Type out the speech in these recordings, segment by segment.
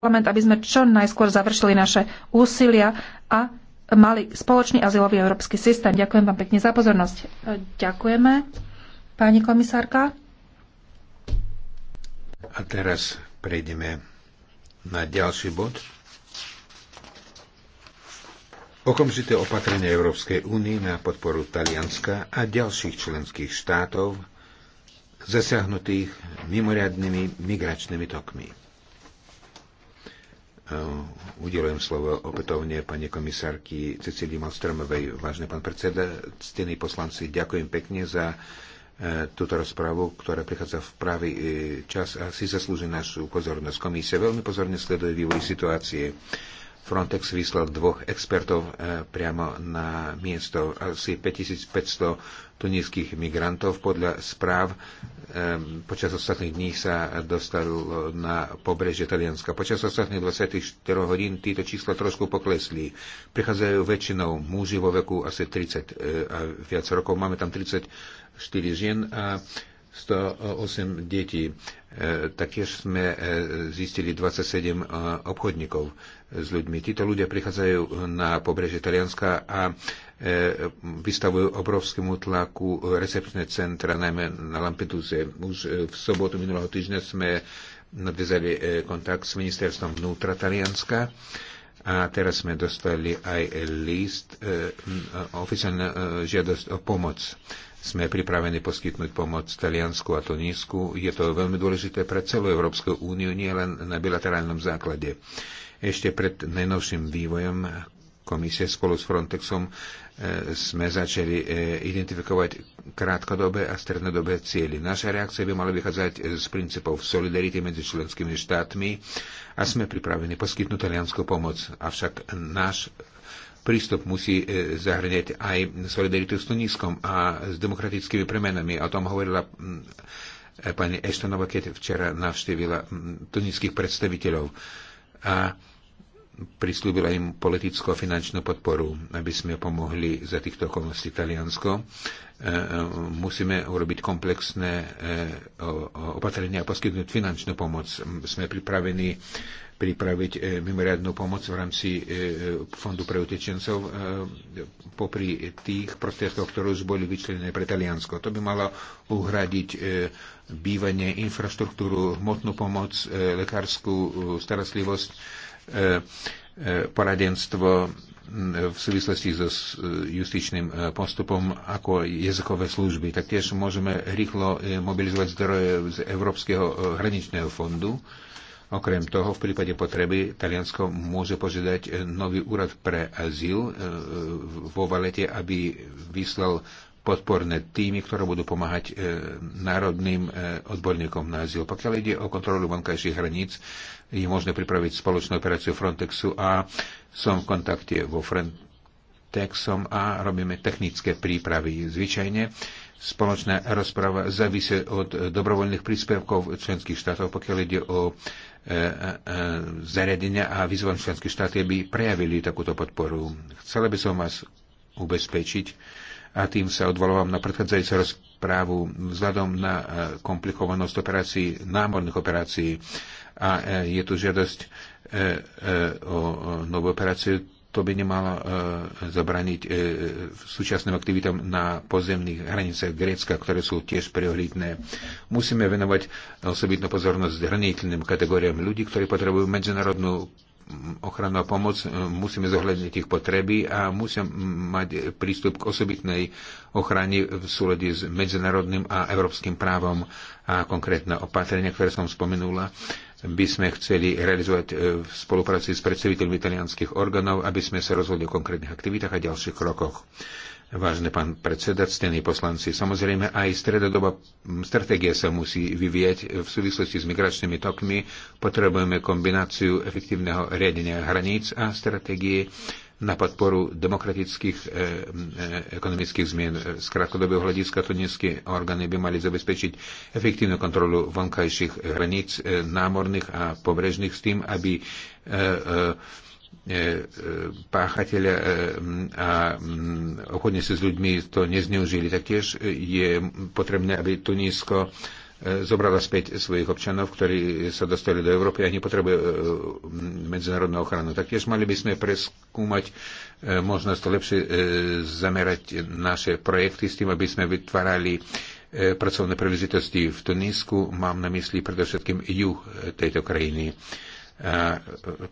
parlament, aby sme čo najskôr završili naše úsilia a mali spoločný azylový európsky systém. Ďakujem vám pekne za pozornosť. Ďakujeme, pani komisárka. A teraz prejdeme na ďalší bod. Okamžité opatrenie Európskej únie na podporu Talianska a ďalších členských štátov zasiahnutých mimoriadnými migračnými tokmi. Ehm, udelujem slovo opätovne pani komisárky Cecílii Malstromovej. Vážne pán predseda, ctení poslanci, ďakujem pekne za e, túto rozpravu, ktorá prichádza v pravý e, čas a si zaslúži našu pozornosť. Komisia veľmi pozorne sleduje vývoj situácie. Frontex vyslal dvoch expertov e, priamo na miesto, asi 5500 tuniských migrantov. Podľa správ počas ostatných dní sa dostal na pobrežie Talianska. Počas ostatných 24 hodín títo čísla trošku poklesli. Prichádzajú väčšinou muži vo veku asi 30 e, a viac rokov. Máme tam 34 žien a 108 detí. E, taktiež sme e, zistili 27 obchodníkov s ľuďmi. Títo ľudia prichádzajú na pobrežie Talianska a e, vystavujú obrovskému tlaku recepčné centra, najmä na Lampeduze. Už e, v sobotu minulého týždňa sme nadviezali e, kontakt s ministerstvom vnútra Talianska a teraz sme dostali aj list, oficiálna žiadosť o pomoc. Sme pripravení poskytnúť pomoc Taliansku a Tunísku. Je to veľmi dôležité pre celú Európsku úniu, nie len na bilaterálnom základe. Ešte pred najnovším vývojom komisie spolu s Frontexom e, sme začali e, identifikovať krátkodobé a strednodobé cieľy. Naša reakcia by mala vychádzať e, z princípov solidarity medzi členskými štátmi a sme pripravení poskytnúť talianskú pomoc. Avšak náš prístup musí zahrňať aj solidaritu s Tuniskom a s demokratickými premenami. O tom hovorila pani Eštonova, keď včera navštívila tuniských predstaviteľov a prislúbila im politickú a finančnú podporu, aby sme pomohli za týchto okolností Taliansko. E, e, musíme urobiť komplexné e, opatrenia a poskytnúť finančnú pomoc. Sme pripravení pripraviť e, mimoriadnú pomoc v rámci e, e, Fondu pre utečencov popri tých prostriedkoch, ktoré už boli vyčlenené pre Taliansko. To by malo uhradiť bývanie, infraštruktúru, hmotnú pomoc, lekárskú starostlivosť, poradenstvo v súvislosti so justičným postupom ako jazykové služby. Taktiež môžeme rýchlo mobilizovať zdroje z Európskeho hraničného fondu Okrem toho, v prípade potreby Taliansko môže požiadať nový úrad pre azyl e, vo Valete, aby vyslal podporné týmy, ktoré budú pomáhať e, národným e, odborníkom na azyl. Pokiaľ ide o kontrolu vonkajších hraníc, je možné pripraviť spoločnú operáciu Frontexu a som v kontakte vo Frontexom a robíme technické prípravy. Zvyčajne spoločná rozprava závisí od dobrovoľných príspevkov členských štátov, pokiaľ ide o E, e, zariadenia a vyzvám členské štáty, aby prejavili takúto podporu. Chcela by som vás ubezpečiť a tým sa odvolávam na predchádzajúcu rozprávu vzhľadom na e, komplikovanosť operácií, námorných operácií a je tu žiadosť o novú operáciu to by nemalo e, zabraniť e, súčasným aktivitám na pozemných hraniciach Grécka, ktoré sú tiež prioritné. Musíme venovať osobitnú pozornosť hraniteľným kategóriám ľudí, ktorí potrebujú medzinárodnú mm, ochranu a pomoc, e, musíme zohľadniť ich potreby a musia mať prístup k osobitnej ochrane v súlade s medzinárodným a európskym právom a konkrétne opatrenia, ktoré som spomenula, by sme chceli realizovať e, v spolupráci s predstaviteľmi italianských orgánov, aby sme sa rozhodli o konkrétnych aktivitách a ďalších krokoch. Vážne pán predseda, ctení poslanci, samozrejme aj stredodoba stratégia sa musí vyvieť e, v súvislosti s migračnými tokmi. Potrebujeme kombináciu efektívneho riadenia hraníc a stratégie na podporu demokratických e, e, ekonomických zmien. Z krátkodobého hľadiska tunecké orgány by mali zabezpečiť efektívnu kontrolu vonkajších hraníc e, námorných a pobrežných s tým, aby e, e, e páchateľa e, a obchodne sa s ľuďmi to nezneužili. Taktiež je potrebné, aby Tunísko zobrala späť svojich občanov, ktorí sa dostali do Európy a nepotrebujú e, medzinárodnú ochranu. Taktiež mali by sme preskúmať e, možnosť lepšie e, zamerať naše projekty s tým, aby sme vytvárali pracovné príležitosti v Tunísku. Mám na mysli predovšetkým juh tejto krajiny. A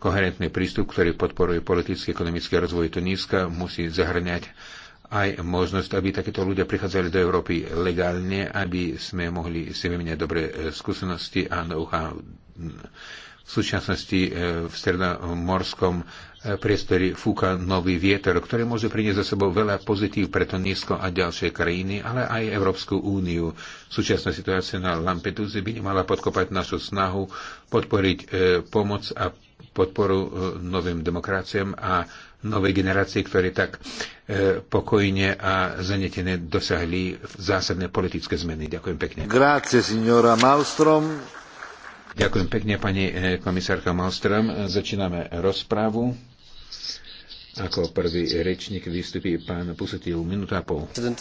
koherentný prístup, ktorý podporuje politický a ekonomický rozvoj Tuníska, musí zahrňať aj možnosť, aby takíto ľudia prichádzali do Európy legálne, aby sme mohli si vymeniať dobré e, skúsenosti a know-how. V súčasnosti e, v stredomorskom e, priestore fúka nový vietor, ktorý môže priniesť za sebou veľa pozitív pre Tunisko a ďalšie krajiny, ale aj Európsku úniu. Súčasná situácia na Lampeduze by nemala podkopať našu snahu podporiť pomoc a podporu e, novým demokraciám a novej generácii, ktorí tak e, pokojne a zanetené dosiahli zásadné politické zmeny. Ďakujem pekne. Grazie, signora Malmström. Ďakujem pekne, pani e, komisárka Malmström. Začíname rozprávu. Ako prvý rečník vystupí pán Pusetil, minúta a pol. Uh,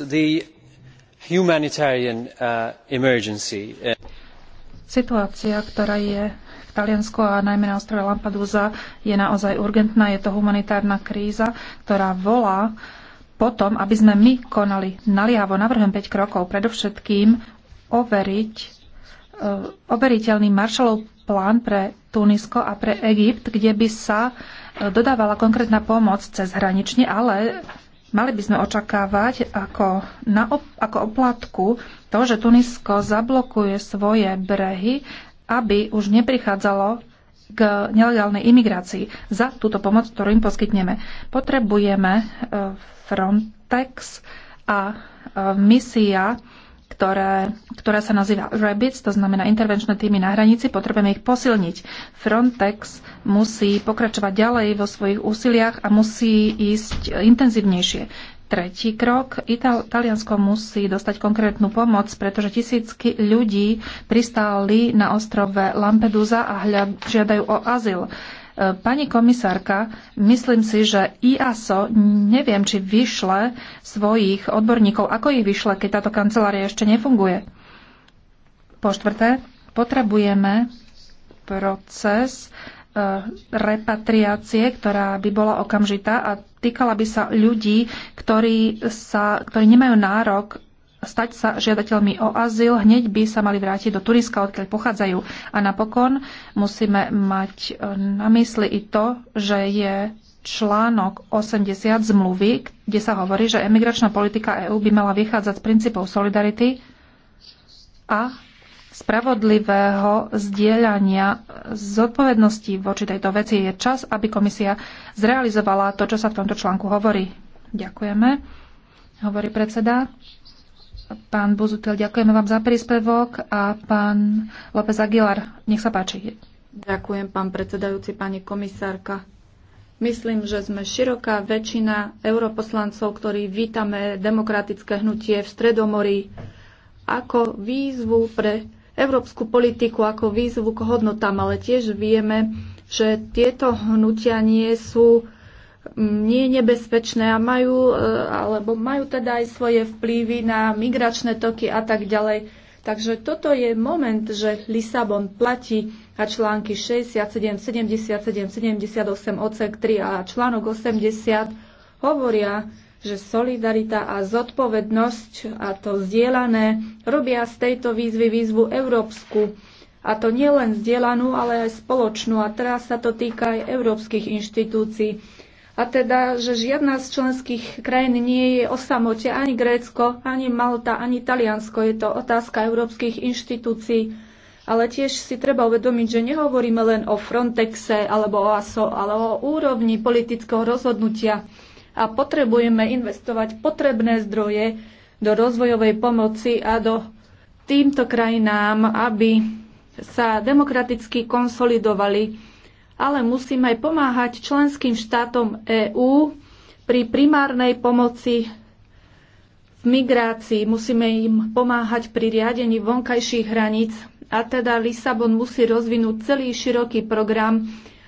uh, Situácia, ktorá je Taliansko a najmä na ostrove Lampedusa je naozaj urgentná. Je to humanitárna kríza, ktorá volá potom, aby sme my konali naliavo. Navrhujem 5 krokov. Predovšetkým overiť eh, overiteľný maršalov plán pre Tunisko a pre Egypt, kde by sa eh, dodávala konkrétna pomoc cez hranične, ale mali by sme očakávať ako, na op- ako oplatku to, že Tunisko zablokuje svoje brehy aby už neprichádzalo k nelegálnej imigrácii za túto pomoc, ktorú im poskytneme. Potrebujeme e, Frontex a e, misia, ktoré, ktorá sa nazýva Rabbids, to znamená intervenčné týmy na hranici, potrebujeme ich posilniť. Frontex musí pokračovať ďalej vo svojich úsiliach a musí ísť intenzívnejšie. Tretí krok. Ital- Taliansko musí dostať konkrétnu pomoc, pretože tisícky ľudí pristáli na ostrove Lampedusa a hľad- žiadajú o azyl. E, pani komisárka, myslím si, že IASO neviem, či vyšle svojich odborníkov. Ako ich vyšle, keď táto kancelária ešte nefunguje? Po štvrté, potrebujeme proces E, repatriácie, ktorá by bola okamžitá a týkala by sa ľudí, ktorí, sa, ktorí nemajú nárok stať sa žiadateľmi o azyl, hneď by sa mali vrátiť do Turiska, odkiaľ pochádzajú. A napokon musíme mať e, na mysli i to, že je článok 80 zmluvy, kde sa hovorí, že emigračná politika EÚ by mala vychádzať z princípov solidarity a spravodlivého zdieľania zodpovedností voči tejto veci je čas, aby komisia zrealizovala to, čo sa v tomto článku hovorí. Ďakujeme, hovorí predseda. Pán Buzutil, ďakujeme vám za príspevok a pán López Aguilar, nech sa páči. Ďakujem, pán predsedajúci, pani komisárka. Myslím, že sme široká väčšina europoslancov, ktorí vítame demokratické hnutie v Stredomorí ako výzvu pre európsku politiku ako výzvu k hodnotám, ale tiež vieme, že tieto hnutia nie sú mm, nie nebezpečné a majú, e, alebo majú teda aj svoje vplyvy na migračné toky a tak ďalej. Takže toto je moment, že Lisabon platí a články 67, 77, 78, odsek 3 a článok 80 hovoria, že solidarita a zodpovednosť a to vzdielané robia z tejto výzvy výzvu európsku. A to nielen vzdielanú, ale aj spoločnú. A teraz sa to týka aj európskych inštitúcií. A teda, že žiadna z členských krajín nie je o samote, ani Grécko, ani Malta, ani Taliansko. Je to otázka európskych inštitúcií. Ale tiež si treba uvedomiť, že nehovoríme len o Frontexe alebo o ASO, ale o úrovni politického rozhodnutia a potrebujeme investovať potrebné zdroje do rozvojovej pomoci a do týmto krajinám, aby sa demokraticky konsolidovali, ale musíme aj pomáhať členským štátom EÚ pri primárnej pomoci v migrácii. Musíme im pomáhať pri riadení vonkajších hraníc a teda Lisabon musí rozvinúť celý široký program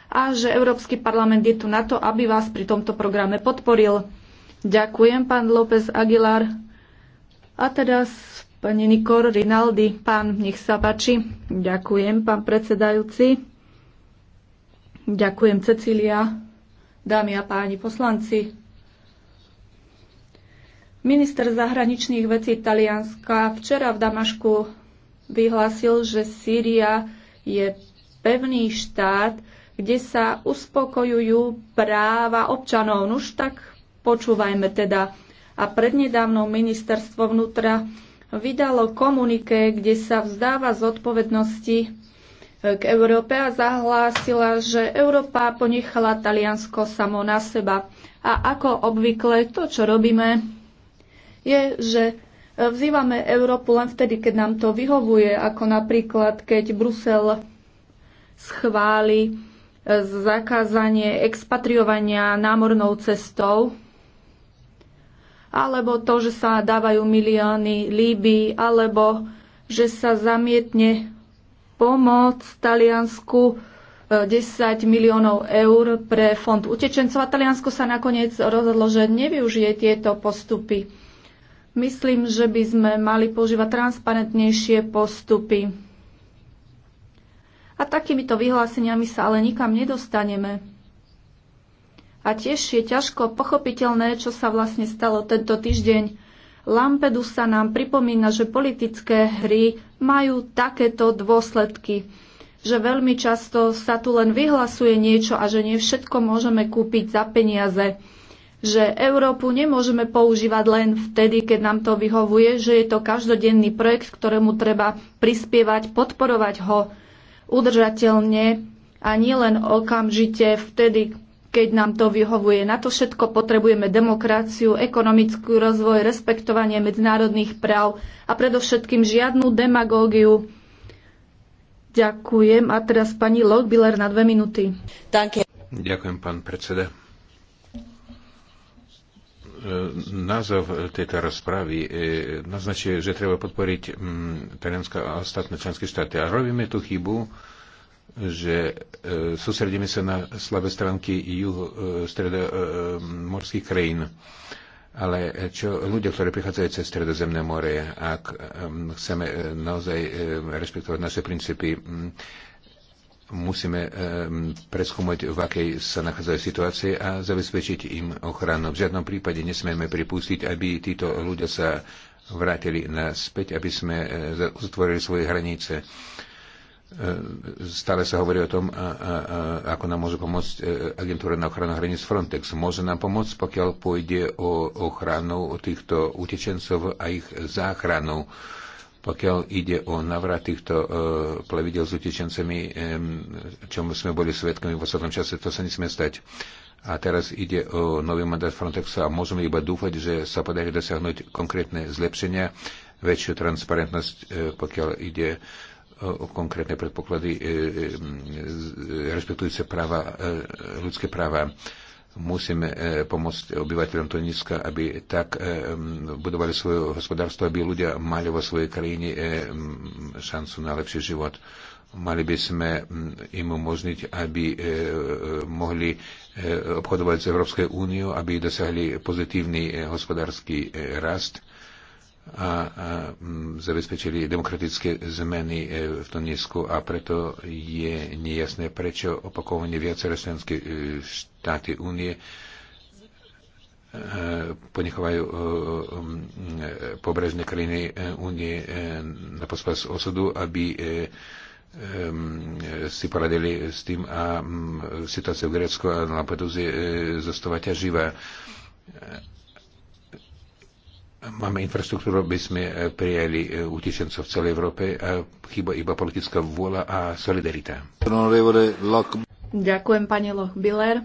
a že Európsky parlament je tu na to, aby vás pri tomto programe podporil. Ďakujem, pán López Aguilar. A teraz pani Nikor Rinaldi. Pán, nech sa páči. Ďakujem, pán predsedajúci. Ďakujem, Cecília. Dámy a páni poslanci, Minister zahraničných vecí Talianska včera v Damašku vyhlásil, že Sýria je pevný štát kde sa uspokojujú práva občanov. Nuž tak počúvajme teda. A prednedávno ministerstvo vnútra vydalo komunike, kde sa vzdáva zodpovednosti eh, k Európe a zahlásila, že Európa ponechala Taliansko samo na seba. A ako obvykle to, čo robíme, je, že eh, vzývame Európu len vtedy, keď nám to vyhovuje, ako napríklad, keď Brusel schváli zakázanie expatriovania námornou cestou, alebo to, že sa dávajú milióny Líby, alebo že sa zamietne pomoc Taliansku 10 e, miliónov eur pre fond utečencov a Taliansko sa nakoniec rozhodlo, že nevyužije tieto postupy. Myslím, že by sme mali používať transparentnejšie postupy a takýmito vyhláseniami sa ale nikam nedostaneme. A tiež je ťažko pochopiteľné, čo sa vlastne stalo tento týždeň. Lampedu sa nám pripomína, že politické hry majú takéto dôsledky, že veľmi často sa tu len vyhlasuje niečo a že nie všetko môžeme kúpiť za peniaze, že Európu nemôžeme používať len vtedy, keď nám to vyhovuje, že je to každodenný projekt, ktorému treba prispievať, podporovať ho, udržateľne a nielen okamžite vtedy, keď nám to vyhovuje. Na to všetko potrebujeme demokraciu, ekonomický rozvoj, respektovanie medzinárodných práv a predovšetkým žiadnu demagógiu. Ďakujem. A teraz pani Lockbiller na dve minúty. Ďakujem, pán predseda. E, názov tejto rozpravy e, naznačuje, že treba podporiť mm, Talianska a ostatné členské štáty. A robíme tú chybu, že e, susredíme sa na slabé stránky juho stredomorských krajín. Ale čo ľudia, ktorí prichádzajú cez Stredozemné more, ak chceme naozaj rešpektovať naše princípy, musíme ehm, preskúmať, v akej sa nachádzajú situácie a zabezpečiť im ochranu. V žiadnom prípade nesmieme pripustiť, aby títo ľudia sa vrátili naspäť, aby sme e, zatvorili svoje hranice. E, stále sa hovorí o tom, ako nám môže pomôcť e, agentúra na ochranu hraníc Frontex. Môže nám pomôcť, pokiaľ pôjde o ochranu týchto utečencov a ich záchranu pokiaľ ide o navrat týchto e, plavidel s utečencami, e, čomu sme boli svetkami v poslednom čase, to sa nesmie stať. A teraz ide o nový mandát Frontexu a môžeme iba dúfať, že sa podarí dosiahnuť konkrétne zlepšenia, väčšiu transparentnosť, e, pokiaľ ide o konkrétne predpoklady, e, e, e, respektujúce práva, ľudské práva musíme e, pomôcť obyvateľom Tuniska, aby tak e, budovali svoje hospodárstvo, aby ľudia mali vo svojej krajine e, šancu na lepší život. Mali by sme im umožniť, aby mohli obchodovať s Európskej úniou, aby dosiahli pozitívny hospodársky rast a, a zabezpečili demokratické zmeny e, v Tunisku a preto je nejasné, prečo opakovanie viaceré členské e, štáty únie e, ponechovajú pobrežné krajiny únie na pospas osudu, aby si poradili s tým a situácia v Grécku a na Lampedusie zostáva ťaživá Máme infraštruktúru, aby sme e, prijali e, utečencov v celej Európe a chyba iba politická vôľa a solidarita. Ďakujem, pani Biller.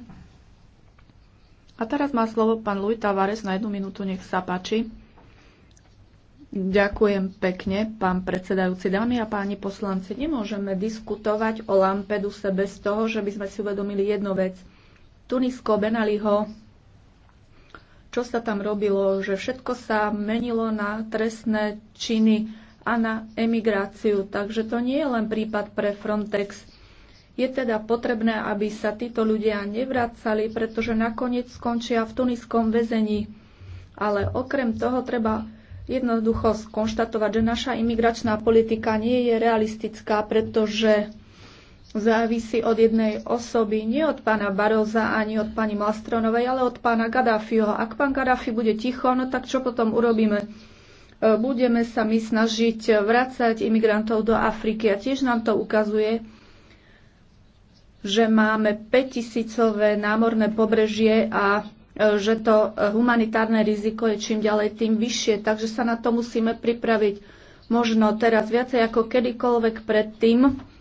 A teraz má slovo pán Luj Tavares na jednu minútu, nech sa páči. Ďakujem pekne, pán predsedajúci. Dámy a páni poslanci, nemôžeme diskutovať o Lampeduse bez toho, že by sme si uvedomili jednu vec. Tunisko Benaliho čo sa tam robilo, že všetko sa menilo na trestné činy a na emigráciu. Takže to nie je len prípad pre Frontex. Je teda potrebné, aby sa títo ľudia nevracali, pretože nakoniec skončia v tuniskom väzení. Ale okrem toho treba jednoducho skonštatovať, že naša imigračná politika nie je realistická, pretože závisí od jednej osoby, nie od pána Baroza ani od pani Mastronovej, ale od pána Gaddafiho. Ak pán Gaddafi bude ticho, no tak čo potom urobíme? E, budeme sa my snažiť vrácať imigrantov do Afriky a tiež nám to ukazuje, že máme 5000 námorné pobrežie a e, že to humanitárne riziko je čím ďalej tým vyššie, takže sa na to musíme pripraviť možno teraz viacej ako kedykoľvek predtým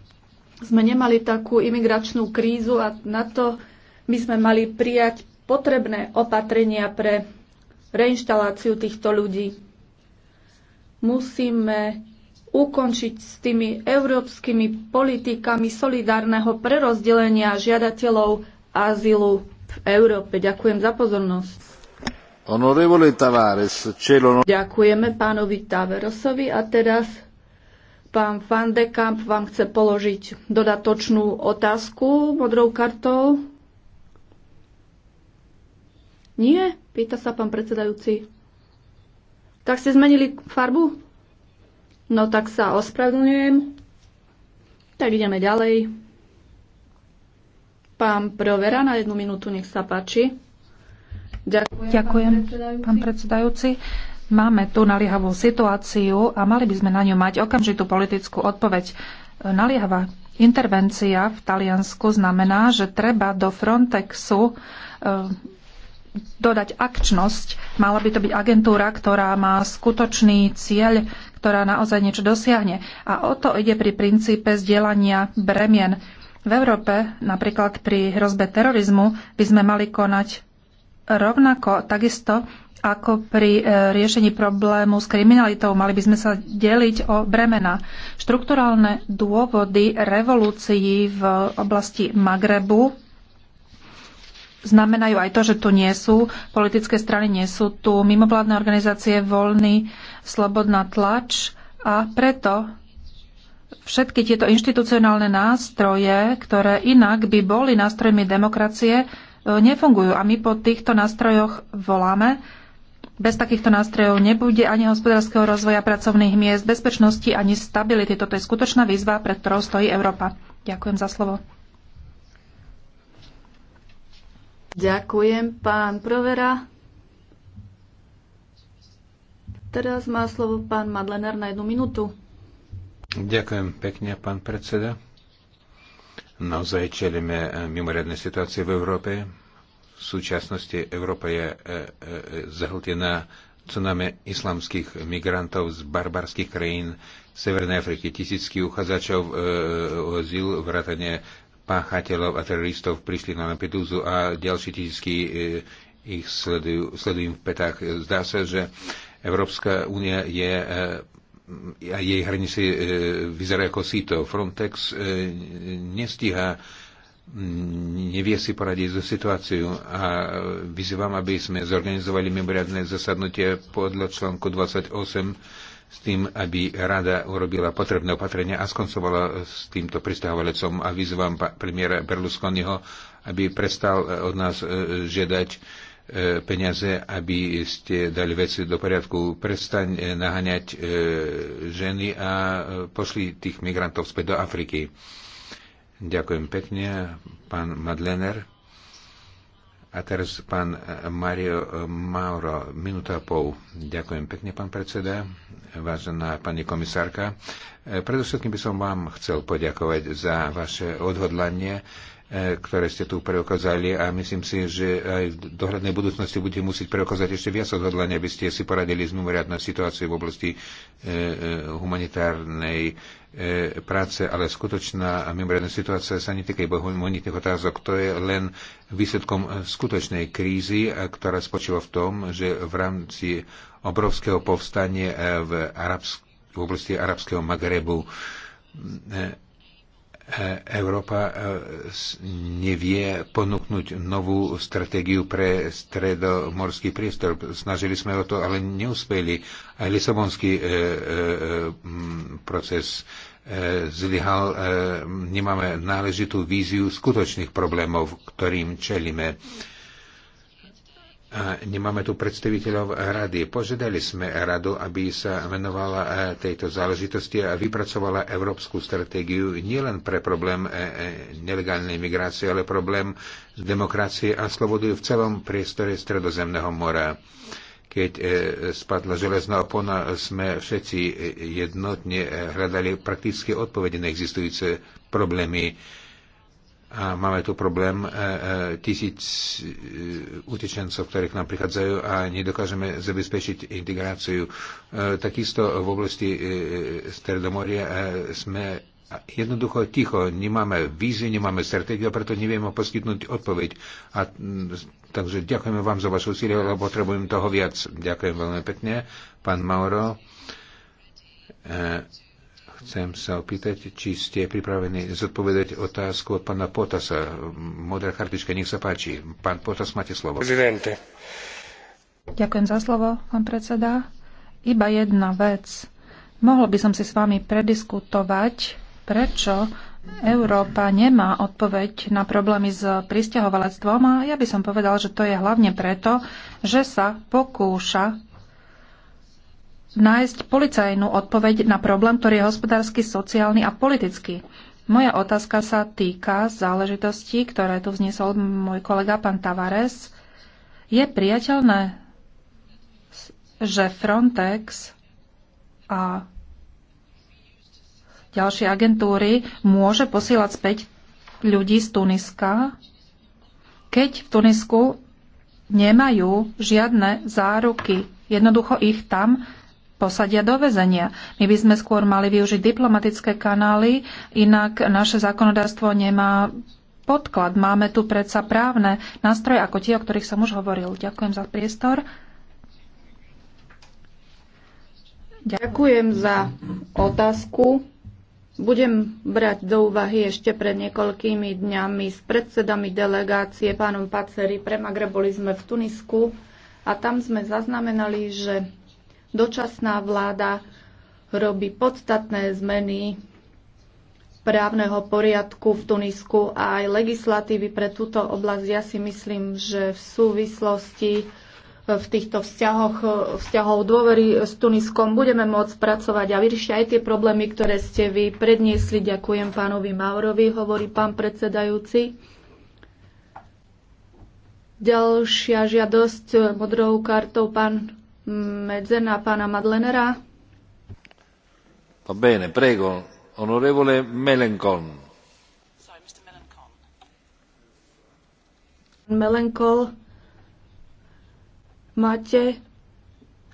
sme nemali takú imigračnú krízu a na to by sme mali prijať potrebné opatrenia pre reinštaláciu týchto ľudí. Musíme ukončiť s tými európskymi politikami solidárneho prerozdelenia žiadateľov azylu v Európe. Ďakujem za pozornosť. Honorevole Tavares, čelo... No- Ďakujeme pánovi Taverosovi a teraz Pán Van de Kamp vám chce položiť dodatočnú otázku modrou kartou. Nie? Pýta sa pán predsedajúci. Tak ste zmenili farbu? No tak sa ospravedlňujem. Tak ideme ďalej. Pán Provera na jednu minútu, nech sa páči. Ďakujem, Ďakujem pán predsedajúci. Pán predsedajúci. Máme tú naliehavú situáciu a mali by sme na ňu mať okamžitú politickú odpoveď. Naliehavá intervencia v Taliansku znamená, že treba do Frontexu eh, dodať akčnosť. Mala by to byť agentúra, ktorá má skutočný cieľ, ktorá naozaj niečo dosiahne. A o to ide pri princípe zdieľania bremien. V Európe, napríklad pri hrozbe terorizmu, by sme mali konať rovnako takisto ako pri e, riešení problému s kriminalitou. Mali by sme sa deliť o bremena. Štrukturálne dôvody revolúcií v oblasti Magrebu znamenajú aj to, že tu nie sú politické strany, nie sú tu mimovládne organizácie, voľný, slobodná tlač a preto všetky tieto inštitucionálne nástroje, ktoré inak by boli nástrojmi demokracie, e, nefungujú. A my po týchto nástrojoch voláme, bez takýchto nástrojov nebude ani hospodárskeho rozvoja pracovných miest, bezpečnosti ani stability. Toto je skutočná výzva, pred ktorou stojí Európa. Ďakujem za slovo. Ďakujem, pán Provera. Teraz má slovo pán Madlenár na jednu minútu. Ďakujem pekne, pán predseda. Naozaj čelíme mimoriadnej situácii v Európe v súčasnosti Európa je e, e, zahltená cenami islamských migrantov z barbarských krajín Severnej Afriky, tisícky uchádzačov e, o azyl, vrátane páchateľov a teroristov prišli na Lampedúzu a ďalší tisícky ich sledujú, sledujú v petách. Zdá sa, že Európska únia je a jej hranice vyzerá ako síto. Frontex nestíha nevie si poradiť so situáciu a vyzývam, aby sme zorganizovali mimoriadne zasadnutie podľa článku 28 s tým, aby rada urobila potrebné opatrenia a skoncovala s týmto pristahovalecom a vyzývam premiéra Berlusconiho, aby prestal eh, od nás eh, žiadať eh, peniaze, aby ste dali veci do poriadku. Prestaň naháňať ženy a pošli tých migrantov späť do Afriky. Ďakujem pekne, pán Madlener. A teraz pán eh, Mario eh, Mauro, minúta a pol. Ďakujem pekne, pán predseda, vážená pani komisárka. Eh, predovšetkým by som vám chcel poďakovať za vaše odhodlanie E, ktoré ste tu preukázali a myslím si, že aj v dohľadnej budúcnosti budete musieť preukázať ešte viac odhodlania, aby ste si poradili s mimoriadnou situáciou v oblasti e, e, humanitárnej práce, ale skutočná mimoriadná situácia sa netýka iba humanitných otázok. To je len výsledkom skutočnej krízy, ktorá spočíva v tom, že v rámci obrovského povstania v, v oblasti arabského Magrebu E, Európa e, nevie ponúknuť novú stratégiu pre stredomorský priestor. Snažili sme o to, ale neúspeli. Aj Lisabonský e, proces zlyhal. Nemáme náležitú víziu skutočných problémov, ktorým čelíme nemáme tu predstaviteľov rady. Požiadali sme radu, aby sa venovala e, tejto záležitosti a vypracovala európsku stratégiu nielen pre problém e, e, nelegálnej migrácie, ale problém demokracie a slobody v celom priestore Stredozemného mora. Keď spadla železná opona, sme všetci jednotne hľadali praktické odpovede na existujúce problémy a máme tu problém e, e, tisíc e, utečencov, ktorí k nám prichádzajú a nedokážeme zabezpečiť integráciu. Takisto v oblasti Stredomoria sme jednoducho ticho, nemáme víziu, nemáme stratégiu, preto nevieme poskytnúť odpoveď. A, mm, takže ďakujeme vám za vašu úsilie, lebo potrebujem toho viac. Ďakujem veľmi pekne, pán Mauro. E, Chcem sa opýtať, či ste pripravení zodpovedať otázku od pána Potasa. Modrá kartička, nech sa páči. Pán Potas, máte slovo. Prezidente. Ďakujem za slovo, pán predseda. Iba jedna vec. Mohol by som si s vami prediskutovať, prečo Európa nemá odpoveď na problémy s pristahovalectvom a ja by som povedal, že to je hlavne preto, že sa pokúša nájsť policajnú odpoveď na problém, ktorý je hospodársky, sociálny a politický. Moja otázka sa týka záležitosti, ktoré tu vznesol môj kolega pán Tavares. Je priateľné, že Frontex a ďalšie agentúry môže posielať späť ľudí z Tuniska, keď v Tunisku nemajú žiadne záruky. Jednoducho ich tam posadia do väzenia. My by sme skôr mali využiť diplomatické kanály, inak naše zákonodárstvo nemá podklad. Máme tu predsa právne nástroje, ako tie, o ktorých som už hovoril. Ďakujem za priestor. Ďakujem za otázku. Budem brať do úvahy ešte pred niekoľkými dňami s predsedami delegácie pánom Paceri pre Magre boli sme v Tunisku a tam sme zaznamenali, že dočasná vláda robí podstatné zmeny právneho poriadku v Tunisku a aj legislatívy pre túto oblasť. Ja si myslím, že v súvislosti e, v týchto vzťahoch, e, vzťahov dôvery s Tuniskom budeme môcť pracovať a vyriešiť aj tie problémy, ktoré ste vy predniesli. Ďakujem pánovi Maurovi, hovorí pán predsedajúci. Ďalšia žiadosť modrou kartou pán medzer pána Madlenera. Va bene, prego, onorevole Melenkon. Melenkol, máte,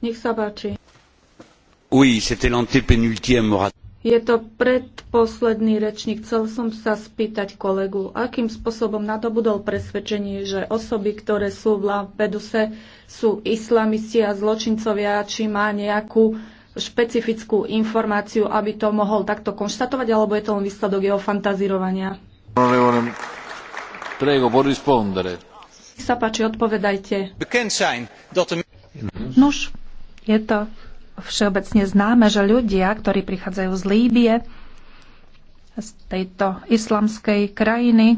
nech sa páči. Oui, c'était l'antépénultième orateur. Je to predposledný rečník. Chcel som sa spýtať kolegu, akým spôsobom nadobudol presvedčenie, že osoby, ktoré sú v Lampeduse, sú islamisti a zločincovia, či má nejakú špecifickú informáciu, aby to mohol takto konštatovať, alebo je to len výsledok jeho fantazírovania? Prego, por rispondere. sa páči, odpovedajte. Er- Nož, je to všeobecne známe, že ľudia, ktorí prichádzajú z Líbie, z tejto islamskej krajiny, e,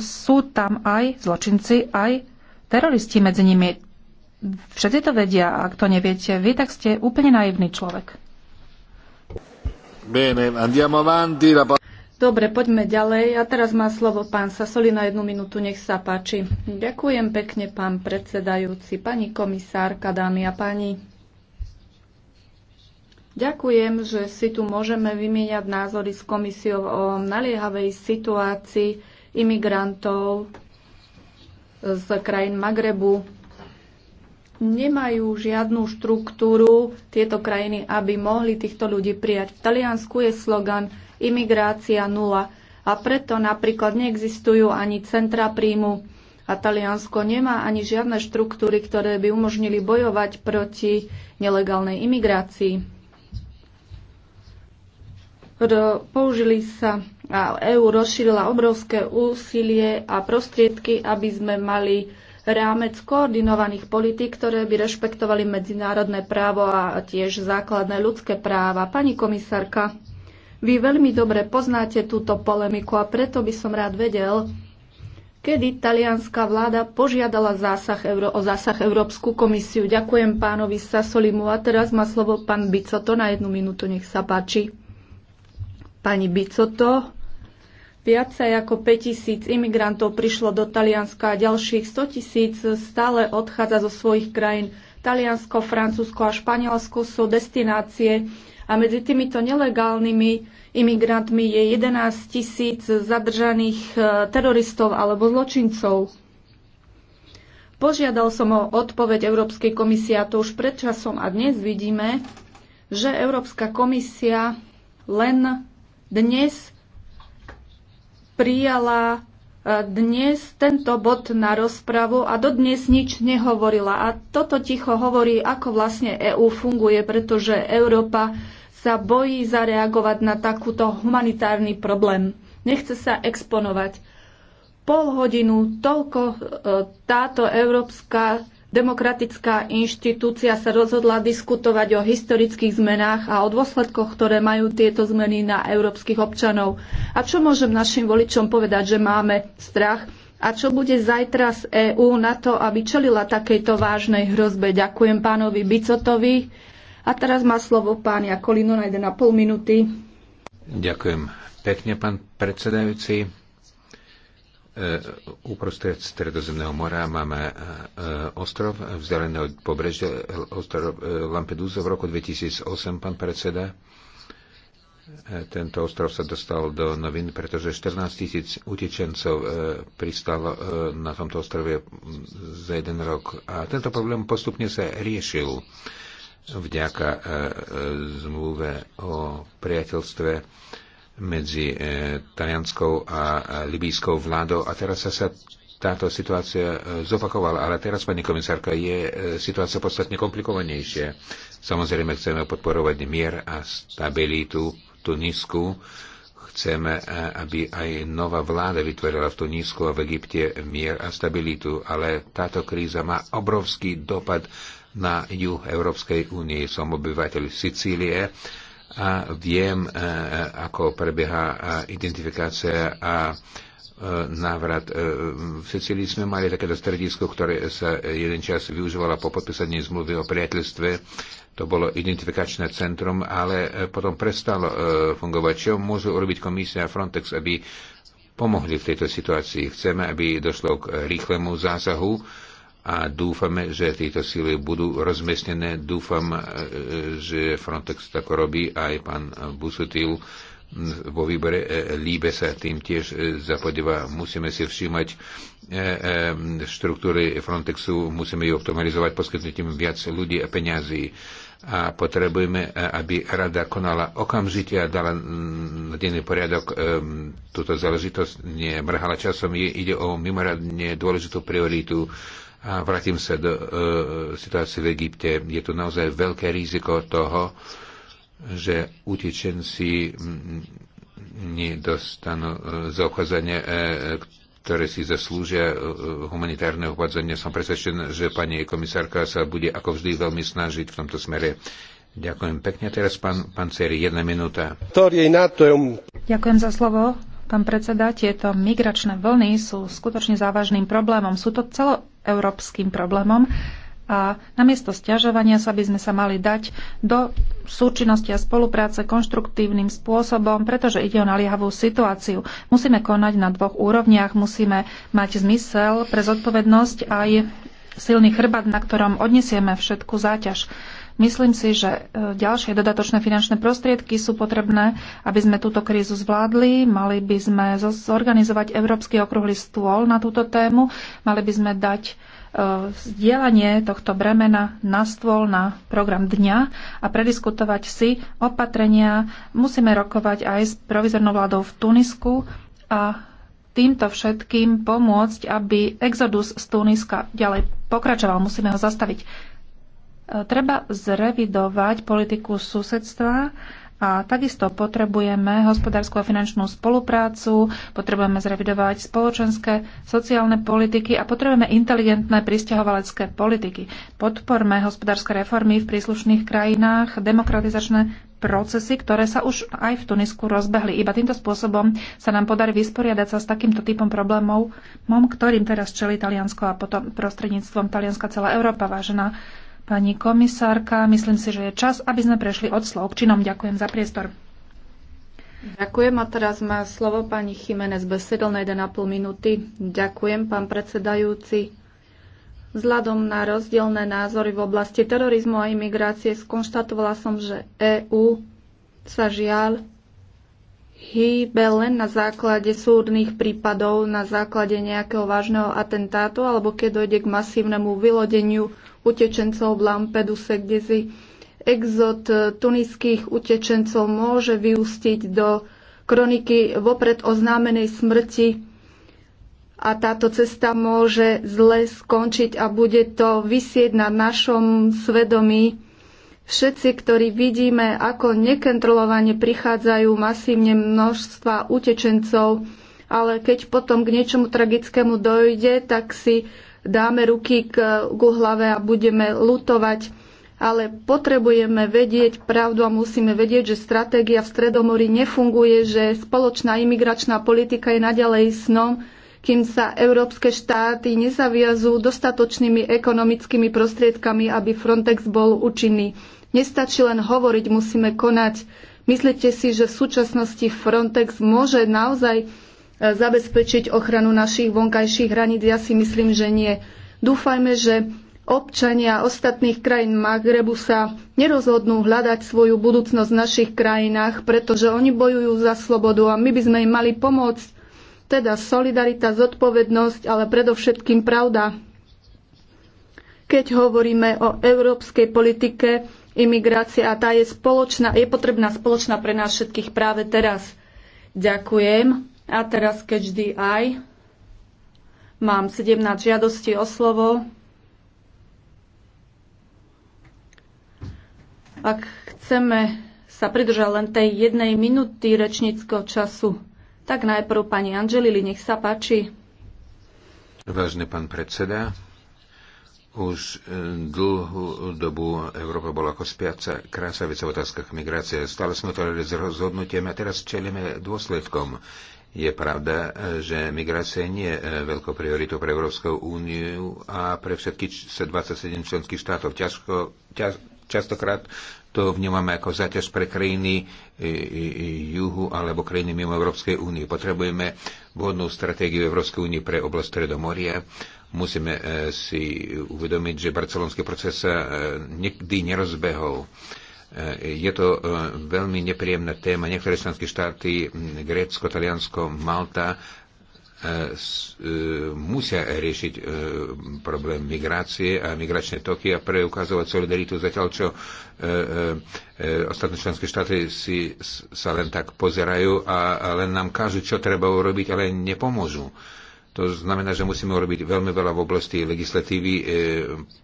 sú tam aj zločinci, aj teroristi medzi nimi. Všetci to vedia a ak to neviete vy, tak ste úplne naivný človek. Bene, andiamo avanti. La... Dobre, poďme ďalej. A teraz má slovo pán Sasoli na jednu minútu, nech sa páči. Ďakujem pekne, pán predsedajúci, pani komisárka, dámy a páni. Ďakujem, že si tu môžeme vymieňať názory s komisiou o naliehavej situácii imigrantov z krajín Magrebu. Nemajú žiadnu štruktúru tieto krajiny, aby mohli týchto ľudí prijať. V Taliansku je slogan imigrácia nula a preto napríklad neexistujú ani centra príjmu a Taliansko nemá ani žiadne štruktúry, ktoré by umožnili bojovať proti nelegálnej imigrácii použili sa a EÚ rozšírila obrovské úsilie a prostriedky, aby sme mali rámec koordinovaných politík, ktoré by rešpektovali medzinárodné právo a tiež základné ľudské práva. Pani komisárka, vy veľmi dobre poznáte túto polemiku a preto by som rád vedel, kedy talianská vláda požiadala zásah Euró- o zásah Európsku komisiu. Ďakujem pánovi Sasolimu a teraz má slovo pán Bicoto na jednu minútu, nech sa páči pani Bicoto. Viacej ako 5000 imigrantov prišlo do Talianska a ďalších 100 tisíc stále odchádza zo svojich krajín. Taliansko, Francúzsko a Španielsko sú destinácie a medzi týmito nelegálnymi imigrantmi je 11 tisíc zadržaných e, teroristov alebo zločincov. Požiadal som o odpoveď Európskej komisie a to už pred časom a dnes vidíme, že Európska komisia len dnes prijala e, dnes tento bod na rozpravu a dodnes nič nehovorila. A toto ticho hovorí, ako vlastne EÚ funguje, pretože Európa sa bojí zareagovať na takúto humanitárny problém. Nechce sa exponovať. Pol hodinu toľko e, táto európska Demokratická inštitúcia sa rozhodla diskutovať o historických zmenách a o dôsledkoch, ktoré majú tieto zmeny na európskych občanov. A čo môžem našim voličom povedať, že máme strach? A čo bude zajtra z EÚ na to, aby čelila takejto vážnej hrozbe? Ďakujem pánovi Bicotovi. A teraz má slovo pán Jakolino na 1,5 minúty. Ďakujem pekne, pán predsedajúci E, uprostred Stredozemného mora máme e, e, ostrov, vzdialený od pobrežia, ostrov Lampedusa v roku 2008, pán predseda. Tento ostrov sa dostal do novín, pretože 14 tisíc utečencov pristalo na tomto ostrove za jeden rok. A tento problém postupne sa riešil vďaka zmluve o priateľstve medzi eh, talianskou a libijskou vládou a teraz sa, sa táto situácia eh, zopakovala, ale teraz, pani komisárka, je eh, situácia podstatne komplikovanejšia. Samozrejme, chceme podporovať mier a stabilitu v Tunisku. Chceme, aby aj nová vláda vytvorila v Tunisku a v Egypte mier a stabilitu, ale táto kríza má obrovský dopad na juh Európskej únie. Som obyvateľ Sicílie a viem, e, ako prebieha e, identifikácia a e, návrat. V Sicílii sme mali takéto stredisko, ktoré sa jeden čas využívalo po podpísaní zmluvy o priateľstve. To bolo identifikačné centrum, ale potom prestalo fungovať. Čo môžu urobiť komisia a Frontex, aby pomohli v tejto situácii? Chceme, aby došlo k rýchlemu zásahu a dúfame, že tieto síly budú rozmestnené. Dúfam, e, že Frontex tako robí aj pán Busutil vo výbore e, líbe sa tým tiež e, zapodieva. Musíme si všímať štruktúry Frontexu, musíme ju optimalizovať im viac ľudí a peňazí a potrebujeme, aby rada konala okamžite a dala na denný poriadok um, túto záležitosť, nemrhala časom. Je, ide o mimoriadne dôležitú prioritu a vrátim sa do e, situácie v Egypte. Je tu naozaj veľké riziko toho, že utečenci nedostanú e, zaobchádzanie, e, ktoré si zaslúžia e, humanitárne obchádzanie. Som presvedčený, že pani komisárka sa bude ako vždy veľmi snažiť v tomto smere. Ďakujem pekne. Teraz pán, pán Ceri, jedna minúta. Ďakujem za slovo. Pán predseda, tieto migračné vlny sú skutočne závažným problémom. Sú to celo európskym problémom. A namiesto stiažovania sa by sme sa mali dať do súčinnosti a spolupráce konštruktívnym spôsobom, pretože ide o naliehavú situáciu. Musíme konať na dvoch úrovniach, musíme mať zmysel pre zodpovednosť aj silný chrbát, na ktorom odnesieme všetku záťaž. Myslím si, že e, ďalšie dodatočné finančné prostriedky sú potrebné, aby sme túto krízu zvládli. Mali by sme zorganizovať Európsky okrúhly stôl na túto tému. Mali by sme dať e, zdieľanie tohto bremena na stôl, na program dňa a prediskutovať si opatrenia. Musíme rokovať aj s provizornou vládou v Tunisku a týmto všetkým pomôcť, aby exodus z Tuniska ďalej pokračoval. Musíme ho zastaviť. E, treba zrevidovať politiku susedstva a takisto potrebujeme hospodárskú a finančnú spoluprácu, potrebujeme zrevidovať spoločenské, sociálne politiky a potrebujeme inteligentné pristahovalecké politiky. Podporme hospodárske reformy v príslušných krajinách, demokratizačné procesy, ktoré sa už aj v Tunisku rozbehli. Iba týmto spôsobom sa nám podarí vysporiadať sa s takýmto typom problémov, ktorým teraz čeli Taliansko a potom prostredníctvom Talianska celá Európa, vážená Pani komisárka, myslím si, že je čas, aby sme prešli od slov k činom. Ďakujem za priestor. Ďakujem a teraz má slovo pani Chimenez besedl na 1,5 minúty. Ďakujem, pán predsedajúci. Vzhľadom na rozdielne názory v oblasti terorizmu a imigrácie skonštatovala som, že EÚ sa žiaľ hýbe len na základe súdnych prípadov, na základe nejakého vážneho atentátu alebo keď dojde k masívnemu vylodeniu utečencov v Lampeduse, kde si exod e, tuniských utečencov môže vyústiť do kroniky vopred oznámenej smrti a táto cesta môže zle skončiť a bude to vysieť na našom svedomí. Všetci, ktorí vidíme, ako nekontrolovane prichádzajú masívne množstva utečencov, ale keď potom k niečomu tragickému dojde, tak si dáme ruky k, k hlave a budeme lutovať, ale potrebujeme vedieť pravdu a musíme vedieť, že stratégia v Stredomori nefunguje, že spoločná imigračná politika je naďalej snom, kým sa európske štáty nezaviazú dostatočnými ekonomickými prostriedkami, aby Frontex bol účinný. Nestačí len hovoriť, musíme konať. Myslíte si, že v súčasnosti Frontex môže naozaj E, zabezpečiť ochranu našich vonkajších hraníc? Ja si myslím, že nie. Dúfajme, že občania ostatných krajín Magrebu sa nerozhodnú hľadať svoju budúcnosť v našich krajinách, pretože oni bojujú za slobodu a my by sme im mali pomôcť. Teda solidarita, zodpovednosť, ale predovšetkým pravda. Keď hovoríme o európskej politike, imigrácia a tá je spoločná, je potrebná spoločná pre nás všetkých práve teraz. Ďakujem. A teraz vždy aj. Mám 17 žiadostí o slovo. Ak chceme sa pridržať len tej jednej minúty rečníckého času, tak najprv pani Angelili, nech sa páči. Vážne pán predseda, už e, dlhú dobu Európa bola ako spiaca krásavica v otázkach migrácie. Stále sme to s rozhodnutiem a teraz čelíme dôsledkom. Je pravda, že migrácia nie je e, veľkou prioritou pre Európsku úniu a pre všetky 27 členských štátov. Ťažko, ťaž, častokrát to vnímame ako zaťaž pre krajiny e, e, juhu alebo krajiny mimo Európskej únie. Potrebujeme vhodnú stratégiu Európskej únie pre oblasť Stredomoria. Musíme si uvedomiť, že barcelonský proces sa nikdy nerozbehol. Eh, je to eh, veľmi nepríjemná téma. Niektoré členské štáty, hm, Grécko, Taliansko, Malta, eh, musia riešiť problém migrácie a migračné toky a preukazovať solidaritu, zatiaľ čo ostatné členské štáty si sa len tak pozerajú a len nám kážu, čo treba urobiť, ale nepomôžu. To znamená, že musíme urobiť veľmi veľa v oblasti legislatívy, e,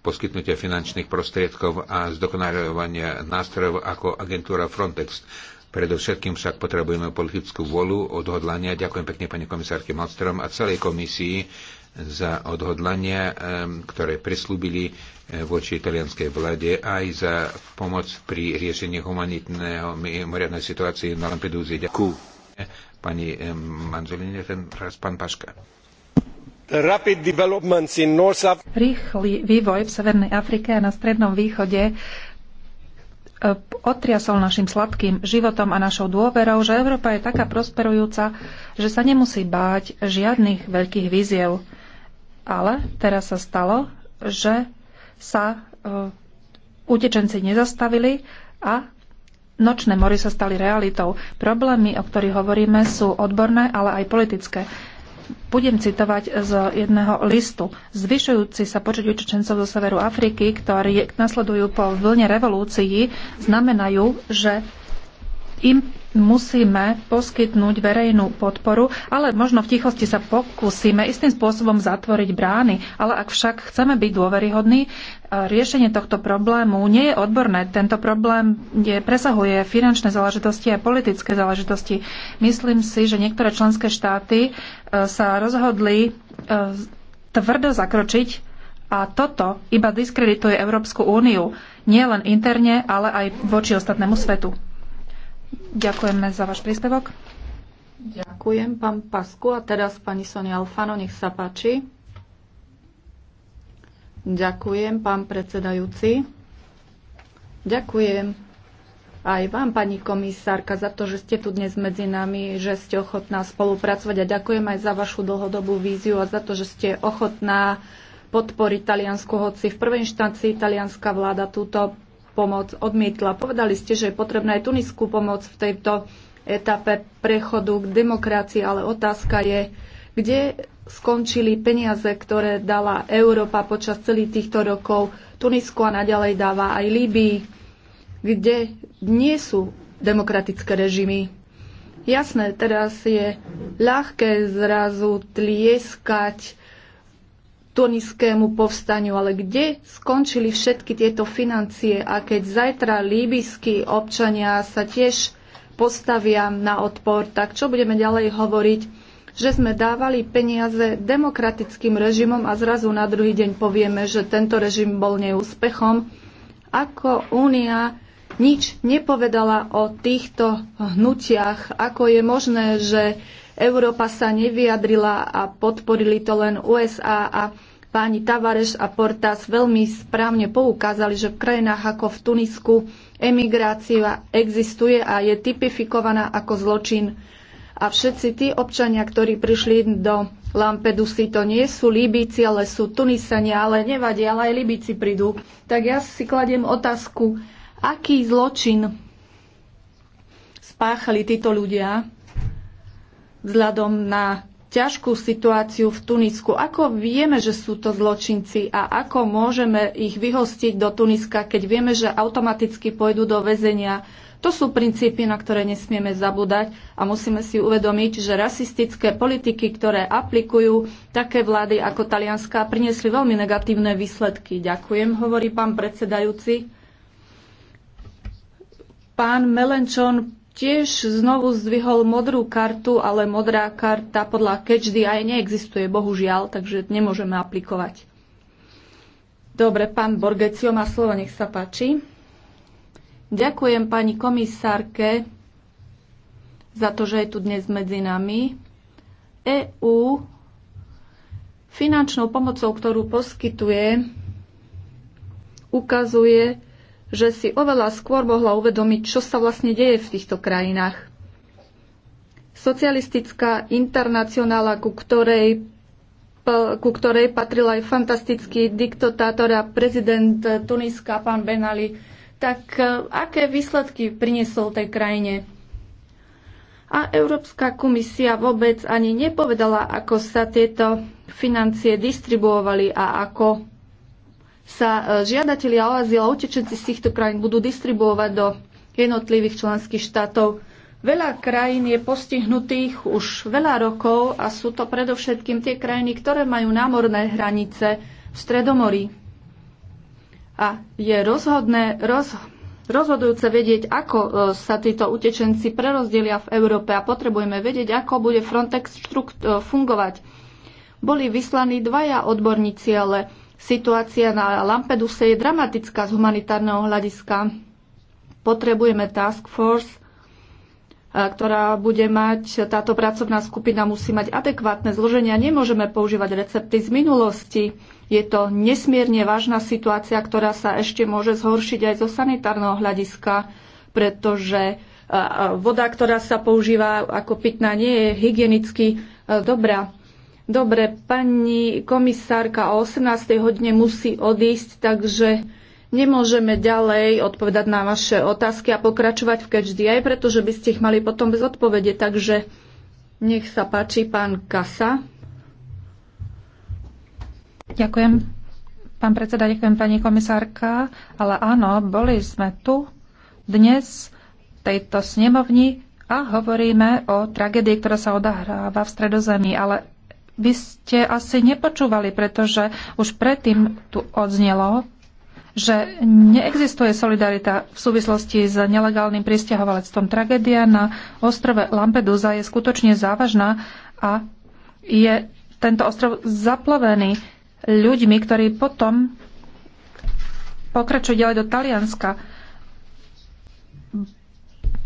poskytnutia finančných prostriedkov a zdokonalovania nástrojov ako agentúra Frontex. Predovšetkým však potrebujeme politickú volu, odhodlania. Ďakujem pekne pani komisárke Malstrom a celej komisii za odhodlania, e, ktoré prislúbili e, voči italianskej vláde aj za pomoc pri riešení humanitného moriadnej situácie na Lampedúzi. Ďakujem pani e, Manzolini, ten raz pán Paška. Rýchly vývoj v Severnej Afrike a na Strednom východe e, otriasol našim sladkým životom a našou dôverou, že Európa je taká prosperujúca, že sa nemusí báť žiadnych veľkých víziev. Ale teraz sa stalo, že sa e, utečenci nezastavili a nočné mory sa stali realitou. Problémy, o ktorých hovoríme, sú odborné, ale aj politické budem citovať z jedného listu. Zvyšujúci sa počet utečencov zo severu Afriky, ktorí nasledujú po vlne revolúcií, znamenajú, že im musíme poskytnúť verejnú podporu, ale možno v tichosti sa pokúsime istým spôsobom zatvoriť brány. Ale ak však chceme byť dôveryhodní, e, riešenie tohto problému nie je odborné. Tento problém je, presahuje finančné záležitosti a politické záležitosti. Myslím si, že niektoré členské štáty e, sa rozhodli e, tvrdo zakročiť a toto iba diskredituje Európsku úniu, nielen interne, ale aj voči ostatnému svetu. Ďakujeme za váš príspevok. Ďakujem, pán Pasku. A teraz pani Sonia Alfano, nech sa páči. Ďakujem, pán predsedajúci. Ďakujem aj vám, pani komisárka, za to, že ste tu dnes medzi nami, že ste ochotná spolupracovať a ďakujem aj za vašu dlhodobú víziu a za to, že ste ochotná podporiť Taliansku, hoci v prvej inštancii talianská vláda túto pomoc odmietla. Povedali ste, že je potrebná aj tuniskú pomoc v tejto etape prechodu k demokracii, ale otázka je, kde skončili peniaze, ktoré dala Európa počas celých týchto rokov. Tunisku a naďalej dáva aj Líbii, kde nie sú demokratické režimy. Jasné, teraz je ľahké zrazu tlieskať tuniskému povstaniu. Ale kde skončili všetky tieto financie? A keď zajtra líbyskí občania sa tiež postavia na odpor, tak čo budeme ďalej hovoriť? Že sme dávali peniaze demokratickým režimom a zrazu na druhý deň povieme, že tento režim bol neúspechom. Ako únia nič nepovedala o týchto hnutiach, ako je možné, že Európa sa nevyjadrila a podporili to len USA a páni Tavareš a Portas veľmi správne poukázali, že v krajinách ako v Tunisku emigrácia existuje a je typifikovaná ako zločin. A všetci tí občania, ktorí prišli do Lampedusy, to nie sú Líbíci, ale sú Tunisania, ale nevadia, ale aj Libíci prídu. Tak ja si kladiem otázku, aký zločin spáchali títo ľudia, vzhľadom na ťažkú situáciu v Tunisku. Ako vieme, že sú to zločinci a ako môžeme ich vyhostiť do Tuniska, keď vieme, že automaticky pôjdu do väzenia? To sú princípy, na ktoré nesmieme zabúdať a musíme si uvedomiť, že rasistické politiky, ktoré aplikujú také vlády ako talianská, priniesli veľmi negatívne výsledky. Ďakujem, hovorí pán predsedajúci. Pán Melenčon tiež znovu zdvihol modrú kartu, ale modrá karta podľa Catch the Eye neexistuje, bohužiaľ, takže nemôžeme aplikovať. Dobre, pán Borgecio má slovo, nech sa páči. Ďakujem pani komisárke za to, že je tu dnes medzi nami. EÚ finančnou pomocou, ktorú poskytuje, ukazuje, že si oveľa skôr mohla uvedomiť, čo sa vlastne deje v týchto krajinách. Socialistická internacionála, ku ktorej, ku ktorej patril aj fantastický diktatátor a prezident Tuniska, pán Ben Ali, tak e, aké výsledky priniesol tej krajine? A Európska komisia vôbec ani nepovedala, ako sa tieto financie distribuovali a ako sa e, žiadatelia o azyl a utečenci z týchto krajín budú distribuovať do jednotlivých členských štátov. Veľa krajín je postihnutých už veľa rokov a sú to predovšetkým tie krajiny, ktoré majú námorné hranice v Stredomorí. A je rozhodné, roz, rozhodujúce vedieť, ako e, sa títo utečenci prerozdelia v Európe a potrebujeme vedieť, ako bude Frontex e, fungovať. Boli vyslaní dvaja odborníci, ale Situácia na Lampeduse je dramatická z humanitárneho hľadiska. Potrebujeme task force, ktorá bude mať, táto pracovná skupina musí mať adekvátne zloženia. Nemôžeme používať recepty z minulosti. Je to nesmierne vážna situácia, ktorá sa ešte môže zhoršiť aj zo sanitárneho hľadiska, pretože voda, ktorá sa používa ako pitná, nie je hygienicky dobrá. Dobre, pani komisárka o 18. hodine musí odísť, takže nemôžeme ďalej odpovedať na vaše otázky a pokračovať v každý pretože by ste ich mali potom bez odpovede. Takže nech sa páči pán Kasa. Ďakujem, pán predseda, ďakujem pani komisárka. Ale áno, boli sme tu dnes v tejto snemovni a hovoríme o tragédii, ktorá sa odahráva v stredozemí, ale by ste asi nepočúvali, pretože už predtým tu odznelo, že neexistuje solidarita v súvislosti s nelegálnym pristahovalectvom. Tragédia na ostrove Lampedusa je skutočne závažná a je tento ostrov zaplavený ľuďmi, ktorí potom pokračujú ďalej do Talianska.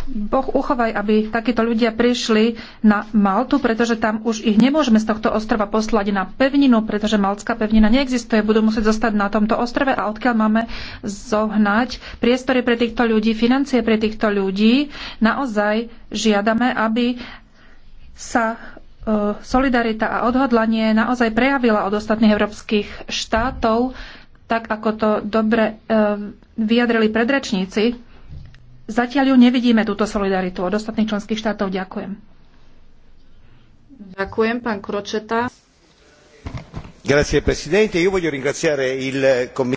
Boh uchovaj, aby takíto ľudia prišli na Maltu, pretože tam už ich nemôžeme z tohto ostrova poslať na pevninu, pretože maltská pevnina neexistuje, budú musieť zostať na tomto ostrove a odkiaľ máme zohnať priestory pre týchto ľudí, financie pre týchto ľudí, naozaj žiadame, aby sa e, solidarita a odhodlanie naozaj prejavila od ostatných európskych štátov, tak ako to dobre e, vyjadrili predrečníci Zatiaľ ju nevidíme, túto solidaritu od ostatných členských štátov. Ďakujem. Ďakujem, pán Kročeta.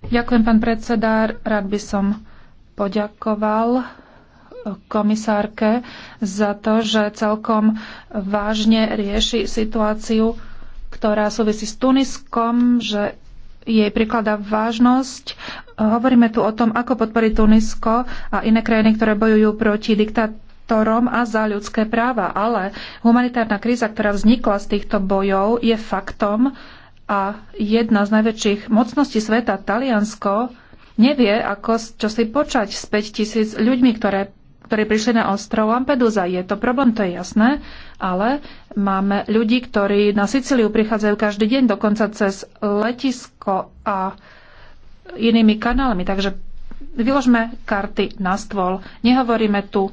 Ďakujem, pán predseda. Rád by som poďakoval komisárke za to, že celkom vážne rieši situáciu, ktorá súvisí s Tuniskom, že jej prikladá vážnosť. Hovoríme tu o tom, ako podporiť Tunisko a iné krajiny, ktoré bojujú proti diktátorom a za ľudské práva. Ale humanitárna kríza, ktorá vznikla z týchto bojov, je faktom a jedna z najväčších mocností sveta, Taliansko, nevie, ako čo si počať s 5 tisíc ľuďmi, ktoré ktorí prišli na ostrov Lampedusa. Je to problém, to je jasné, ale máme ľudí, ktorí na Sicíliu prichádzajú každý deň, dokonca cez letisko a inými kanálmi. Takže vyložme karty na stôl. Nehovoríme tu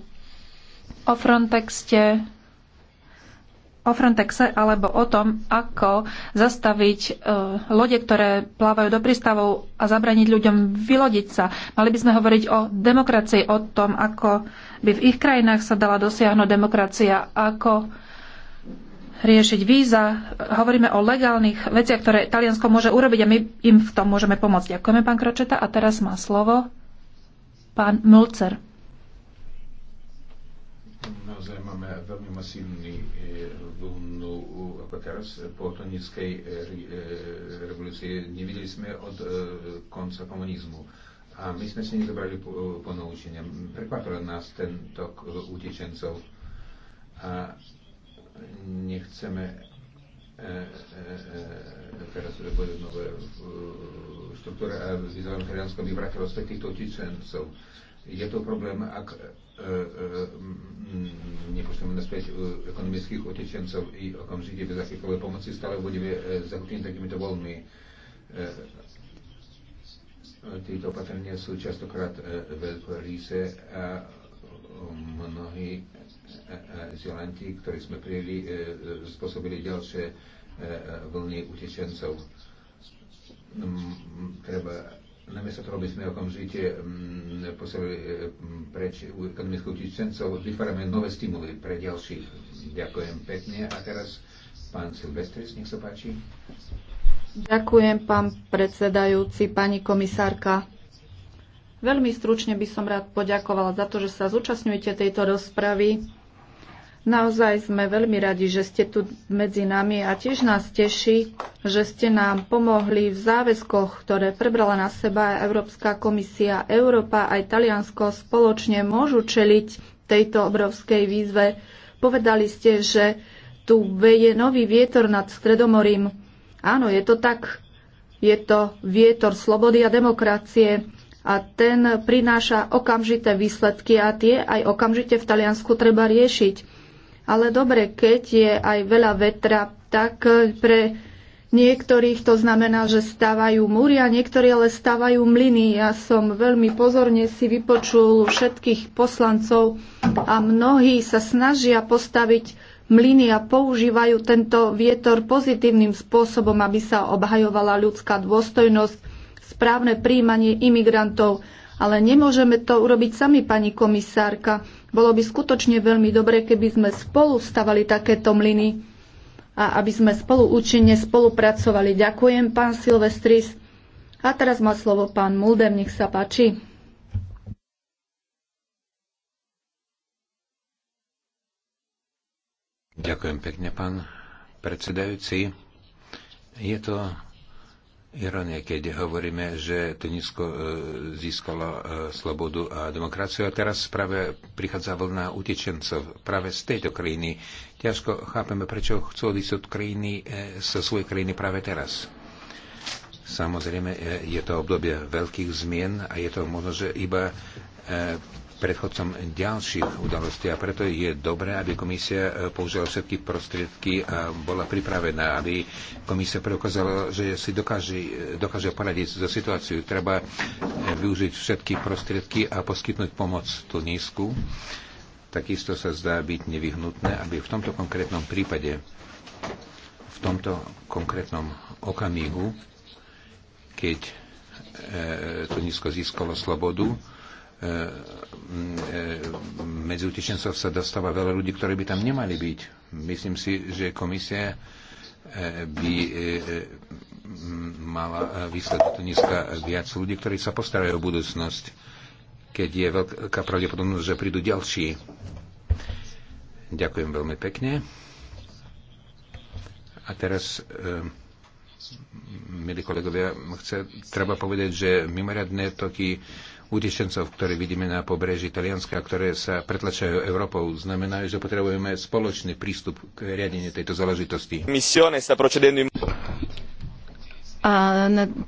o Frontexte, o Frontexe alebo o tom, ako zastaviť e, lode, ktoré plávajú do prístavov a zabraniť ľuďom vylodiť sa. Mali by sme hovoriť o demokracii, o tom, ako by v ich krajinách sa dala dosiahnuť demokracia, ako riešiť víza. Hovoríme o legálnych veciach, ktoré Taliansko môže urobiť a my im v tom môžeme pomôcť. Ďakujeme, pán Kročeta. A teraz má slovo pán Mulcer. Naozaj máme veľmi masívne teraz po tuniskej eh, eh, revolúcii nevideli sme od eh, konca komunizmu. A my sme si nezobrali ponaučenia. Prekvapilo nás ten tok utečencov. A nechceme teraz bude nové štruktúry a vyzývam Taliansko, aby vrátilo týchto utečencov. Je to problém, ak E, e, nepošleme naspäť e, ekonomických utečencov i okamžite bez akýkoľvek pomoci, stále budeme zakútení takýmito voľmi. Tieto opatrenia sú častokrát veľkoryse a mnohí zelenti, ktorí sme prijeli, spôsobili ďalšie vlny utečencov. Treba namiesto toho, aby sme okamžite mm, posielali e, mm, preč ekonomických utečencov, vytvárame nové stimuly pre ďalších. Ďakujem pekne. A teraz pán Silvestris, nech sa páči. Ďakujem, pán predsedajúci, pani komisárka. Veľmi stručne by som rád poďakovala za to, že sa zúčastňujete tejto rozpravy. Naozaj sme veľmi radi, že ste tu medzi nami a tiež nás teší, že ste nám pomohli v záväzkoch, ktoré prebrala na seba Európska komisia, Európa a Taliansko spoločne môžu čeliť tejto obrovskej výzve. Povedali ste, že tu veje nový vietor nad Stredomorím. Áno, je to tak. Je to vietor slobody a demokracie a ten prináša okamžité výsledky a tie aj okamžite v Taliansku treba riešiť ale dobre, keď je aj veľa vetra, tak pre niektorých to znamená, že stávajú múry a niektorí ale stávajú mlyny. Ja som veľmi pozorne si vypočul všetkých poslancov a mnohí sa snažia postaviť mlyny a používajú tento vietor pozitívnym spôsobom, aby sa obhajovala ľudská dôstojnosť, správne príjmanie imigrantov. Ale nemôžeme to urobiť sami, pani komisárka. Bolo by skutočne veľmi dobre, keby sme spolu stavali takéto mlyny a aby sme spolu účinne spolupracovali. Ďakujem, pán Silvestris. A teraz má slovo pán Mulder, nech sa páči. Ďakujem pekne, pán predsedajúci. Je to ironia, keď hovoríme, že Tunisko e, získalo e, slobodu a demokraciu a teraz práve prichádza vlna utečencov práve z tejto krajiny. Ťažko chápeme, prečo chcú odísť od krajiny, so e, svojej krajiny práve teraz. Samozrejme, je to obdobie veľkých zmien a je to možno, že iba predchodcom ďalších udalostí a preto je dobré, aby komisia e, použila všetky prostriedky a bola pripravená, aby komisia preukázala, že si dokáže, e, dokáže poradiť so situáciu. Treba e, využiť všetky prostriedky a poskytnúť pomoc nízku. Takisto sa zdá byť nevyhnutné, aby v tomto konkrétnom prípade, v tomto konkrétnom okamihu, keď Tunisko získalo slobodu, Mm, e, medzi utečencov sa dostáva veľa ľudí, ktorí by tam nemali byť. Myslím si, že komisia e, by e, mala to dneska viac ľudí, ktorí sa postarajú o budúcnosť, keď je veľká pravdepodobnosť, že prídu ďalší. Ďakujem veľmi pekne. A teraz milí kolegovia, chce, treba povedať, že mimoriadné toky utečencov, ktoré vidíme na pobreží Talianska, ktoré sa pretlačajú Európou, znamenajú, že potrebujeme spoločný prístup k riadeniu tejto záležitosti. A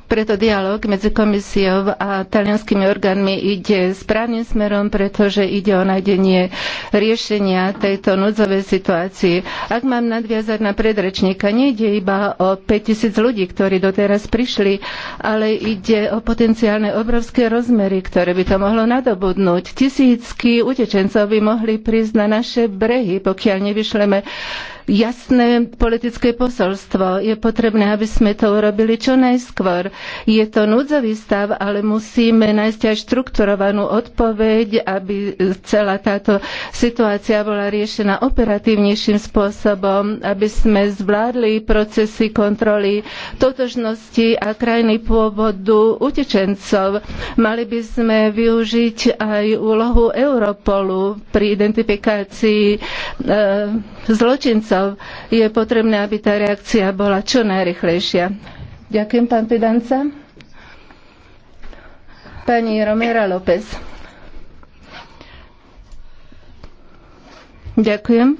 preto dialog medzi komisiou a talianskými orgánmi ide správnym smerom, pretože ide o nájdenie riešenia tejto núdzovej situácii. Ak mám nadviazať na predrečníka, nejde iba o 5000 ľudí, ktorí doteraz prišli, ale ide o potenciálne obrovské rozmery, ktoré by to mohlo nadobudnúť. Tisícky utečencov by mohli prísť na naše brehy, pokiaľ nevyšleme jasné politické posolstvo. Je potrebné, aby sme to urobili čo najskôr. Je to núdzový stav, ale musíme nájsť aj štrukturovanú odpoveď, aby celá táto situácia bola riešená operatívnejším spôsobom, aby sme zvládli procesy kontroly totožnosti a krajiny pôvodu utečencov. Mali by sme využiť aj úlohu Europolu pri identifikácii e, zločincov stav, Je potrebné, aby tá reakcia bola čo najrychlejšia. Ďakujem, pán Pedanca. Pani Romera López. Ďakujem.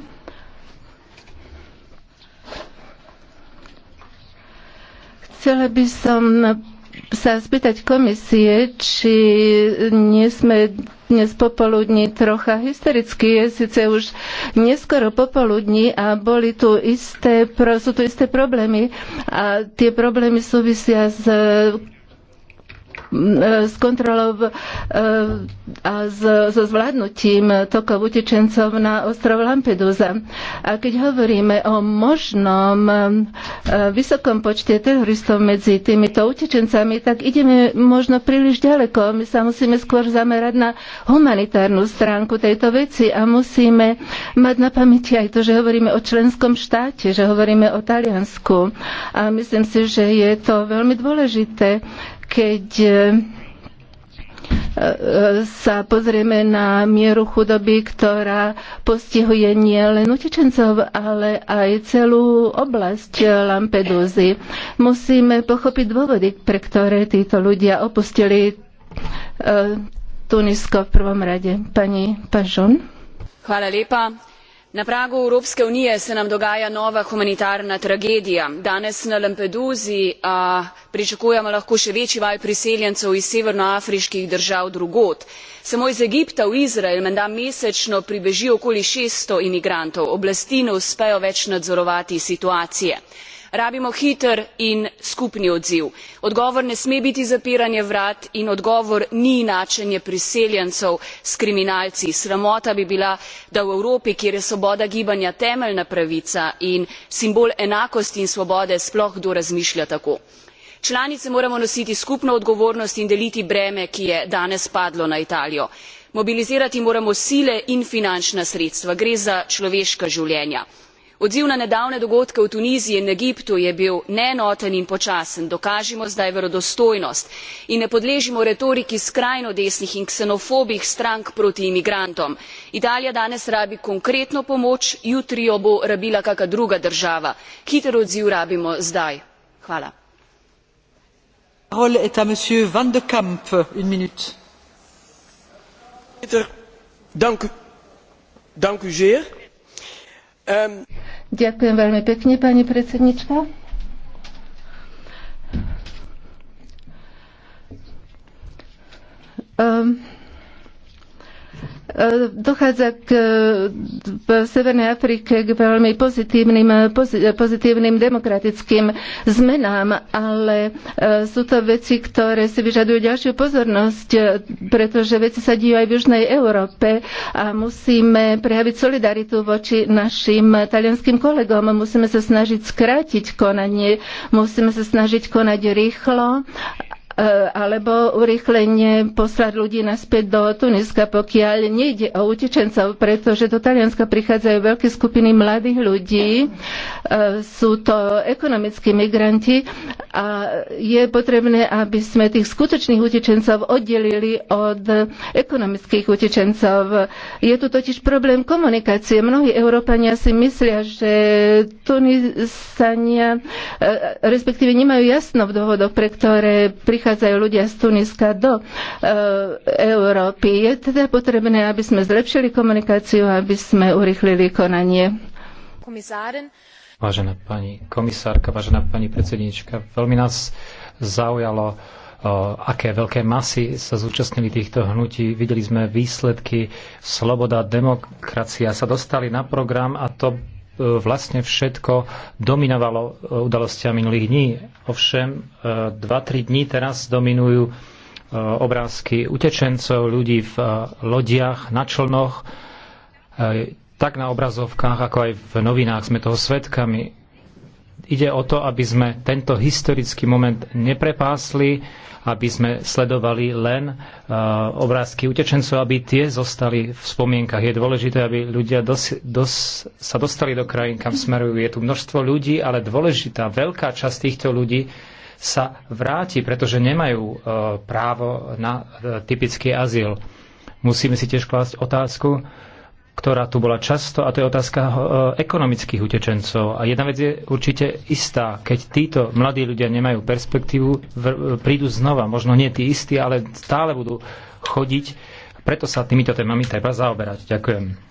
Chcela by som sa spýtať komisie, či nie sme dnes popoludní trocha hystericky, Je síce už neskoro popoludní a boli tu isté, sú tu isté problémy a tie problémy súvisia s E, s kontrolou e, a so zvládnutím tokov utečencov na ostrov Lampedusa. A keď hovoríme o možnom e, vysokom počte teroristov medzi týmito utečencami, tak ideme možno príliš ďaleko. My sa musíme skôr zamerať na humanitárnu stránku tejto veci a musíme mať na pamäti aj to, že hovoríme o členskom štáte, že hovoríme o Taliansku. A myslím si, že je to veľmi dôležité, keď e, e, sa pozrieme na mieru chudoby, ktorá postihuje nielen utečencov, ale aj celú oblasť Lampedúzy. Musíme pochopiť dôvody, pre ktoré títo ľudia opustili e, Tunisko v prvom rade. Pani Pažon. Hvala lepa na pragu evropske unije se nam dogaja nova humanitarna tragedija danes na lampedusi pričakujemo lahko še večji val priseljencev iz severnoafriških držav drugod samo iz egipta v izrael menda mesečno pribeži okoli šeststo imigrantov oblasti ne uspejo več nadzorovati situacije rabimo hiter in skupni odziv. odgovor ne sme biti zapiranje vrat in odgovor ni enačenje priseljencev s kriminalci. sramota bi bila da v evropi kjer je svoboda gibanja temeljna pravica in simbol enakosti in svobode sploh kdo razmišlja tako članice moramo nositi skupno odgovornost in deliti breme ki je danes padlo na italijo mobilizirati moramo sile in finančna sredstva gre za človeška življenja odziv na nedavne dogodke v tuniziji in egiptu je bil neenoten in počasen dokažimo zdaj verodostojnost in ne podležimo retoriki skrajno desnih in ksenofobnih strank proti imigrantom. italija danes rabi konkretno pomoč jutri jo bo rabila kaka druga država hiter odziv rabimo zdaj. Hvala. Ďakujem veľmi pekne, pani predsednička. Um, E, dochádza k, v Severnej Afrike k veľmi pozitívnym, pozitívnym demokratickým zmenám, ale e, sú to veci, ktoré si vyžadujú ďalšiu pozornosť, e, pretože veci sa dijú aj v Južnej Európe a musíme prejaviť solidaritu voči našim talianským kolegom. Musíme sa snažiť skrátiť konanie, musíme sa snažiť konať rýchlo E, alebo urychlenie poslať ľudí naspäť do Tuniska, pokiaľ nejde o utečencov, pretože do Talianska prichádzajú veľké skupiny mladých ľudí, e, sú to ekonomickí migranti a je potrebné, aby sme tých skutočných utečencov oddelili od ekonomických utečencov. Je tu totiž problém komunikácie. Mnohí Európania si myslia, že Tunisania e, respektíve nemajú jasno v dôvodoch, pre ktoré prichádzajú prichádzajú ľudia z Tuniska do e, Európy. Je teda potrebné, aby sme zlepšili komunikáciu, aby sme urychlili konanie. Komisáren. Vážená pani komisárka, vážená pani predsednička, veľmi nás zaujalo, e, aké veľké masy sa zúčastnili týchto hnutí. Videli sme výsledky, sloboda, demokracia sa dostali na program a to E, vlastne všetko dominovalo e, udalostiami minulých dní. Ovšem, 2-3 e, dní teraz dominujú obrázky utečencov, ľudí v lodiach, na člnoch, tak na obrazovkách, ako aj v novinách sme toho svetkami. Ide o to, aby sme tento historický moment neprepásli, aby sme sledovali len e, obrázky utečencov, aby tie zostali v spomienkach. Je dôležité, aby ľudia dos, dos, sa dostali do krajín, kam smerujú. Je tu množstvo ľudí, ale dôležitá veľká časť týchto ľudí sa vráti, pretože nemajú e, právo na e, typický azyl. Musíme si tiež klásť otázku, ktorá tu bola často, a to je otázka eh, ekonomických utečencov. A jedna vec je určite istá. Keď títo mladí ľudia nemajú perspektívu, eh, prídu znova. Možno nie tí istí, ale stále budú chodiť. Preto sa týmito témami treba zaoberať. Ďakujem.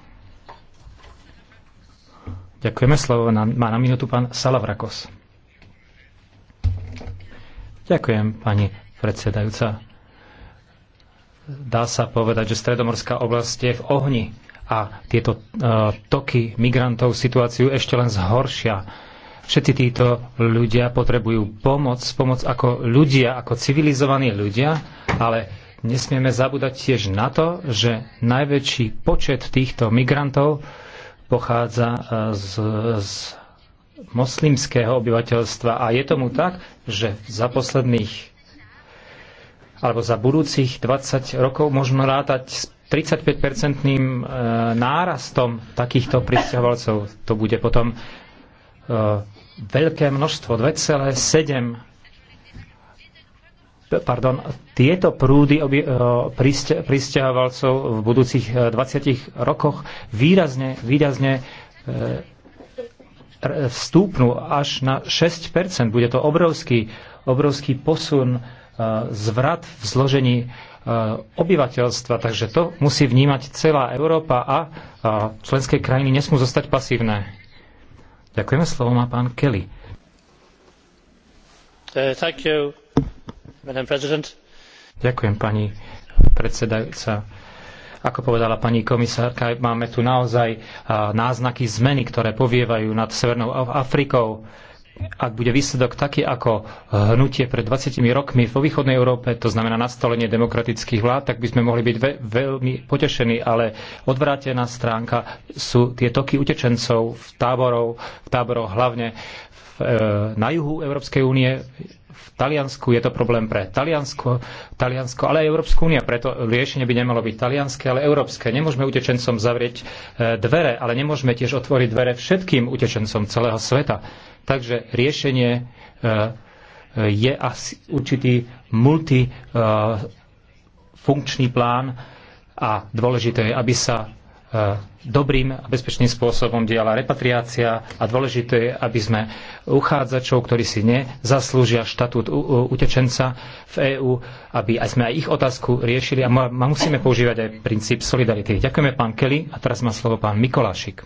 Ďakujeme. Slovo na, má na minútu pán Salavrakos. Ďakujem, pani predsedajúca. Dá sa povedať, že stredomorská oblasť je v ohni a tieto e, toky migrantov situáciu ešte len zhoršia. Všetci títo ľudia potrebujú pomoc, pomoc ako ľudia, ako civilizovaní ľudia, ale nesmieme zabúdať tiež na to, že najväčší počet týchto migrantov pochádza e, z, z moslimského obyvateľstva. A je tomu tak, že za posledných alebo za budúcich 20 rokov možno rátať s 35-percentným e, nárastom takýchto pristahovalcov. To bude potom e, veľké množstvo, 2,7 pardon, tieto prúdy e, pristahovalcov v budúcich 20 rokoch výrazne, výrazne vstúpnú až na 6 Bude to obrovský, obrovský posun, zvrat v zložení E, obyvateľstva. Takže to musí vnímať celá Európa a členské krajiny nesmú zostať pasívne. Ďakujeme, slovo má pán Kelly. Uh, you, Ďakujem, pani predsedajúca. Ako povedala pani komisárka, máme tu naozaj náznaky zmeny, ktoré povievajú nad Severnou Afrikou ak bude výsledok taký ako hnutie pred 20 rokmi vo východnej Európe, to znamená nastolenie demokratických vlád, tak by sme mohli byť ve- veľmi potešení, ale odvrátená stránka sú tie toky utečencov v táborov, v táboroch hlavne v, e, na juhu Európskej únie, v Taliansku je to problém pre Taliansko, Taliansko ale aj Európsku únia, preto riešenie by nemalo byť talianské, ale európske. Nemôžeme utečencom zavrieť e, dvere, ale nemôžeme tiež otvoriť dvere všetkým utečencom celého sveta Takže riešenie eh, je asi určitý multifunkčný plán a dôležité je, aby sa eh, dobrým a bezpečným spôsobom diala repatriácia a dôležité je, aby sme uchádzačov, ktorí si nezaslúžia štatút utečenca v EÚ, aby aj sme aj ich otázku riešili a musíme používať aj princíp solidarity. Ďakujeme pán Kelly a teraz má slovo pán Mikolášik.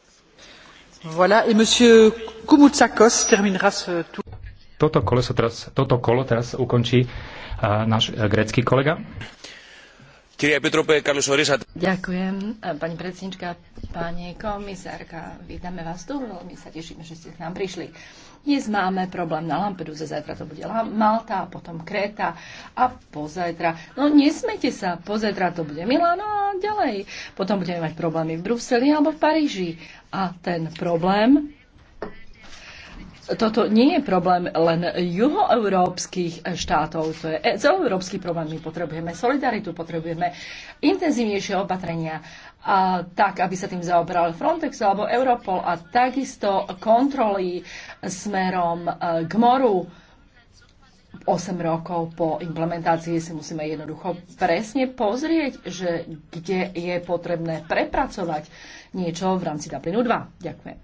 Voilà, et Toto kolo, teraz, ukončí náš e, grécky kolega. Ďakujem, pani predsednička, pani komisárka, vítame vás tu, veľmi sa tešíme, že ste k nám prišli. Dnes máme problém na Lampedusa, zajtra to bude Malta, potom Kréta a pozajtra. No nesmete sa, pozajtra to bude Milano a ďalej. Potom budeme mať problémy v Bruseli alebo v Paríži. A ten problém toto nie je problém len juhoeurópskych štátov, to je celoeurópsky problém. My potrebujeme solidaritu, potrebujeme intenzívnejšie opatrenia, a tak, aby sa tým zaoberal Frontex alebo Europol a takisto kontroly smerom e, k moru. 8 rokov po implementácii si musíme jednoducho presne pozrieť, že kde je potrebné prepracovať niečo v rámci Dublinu 2. Ďakujem.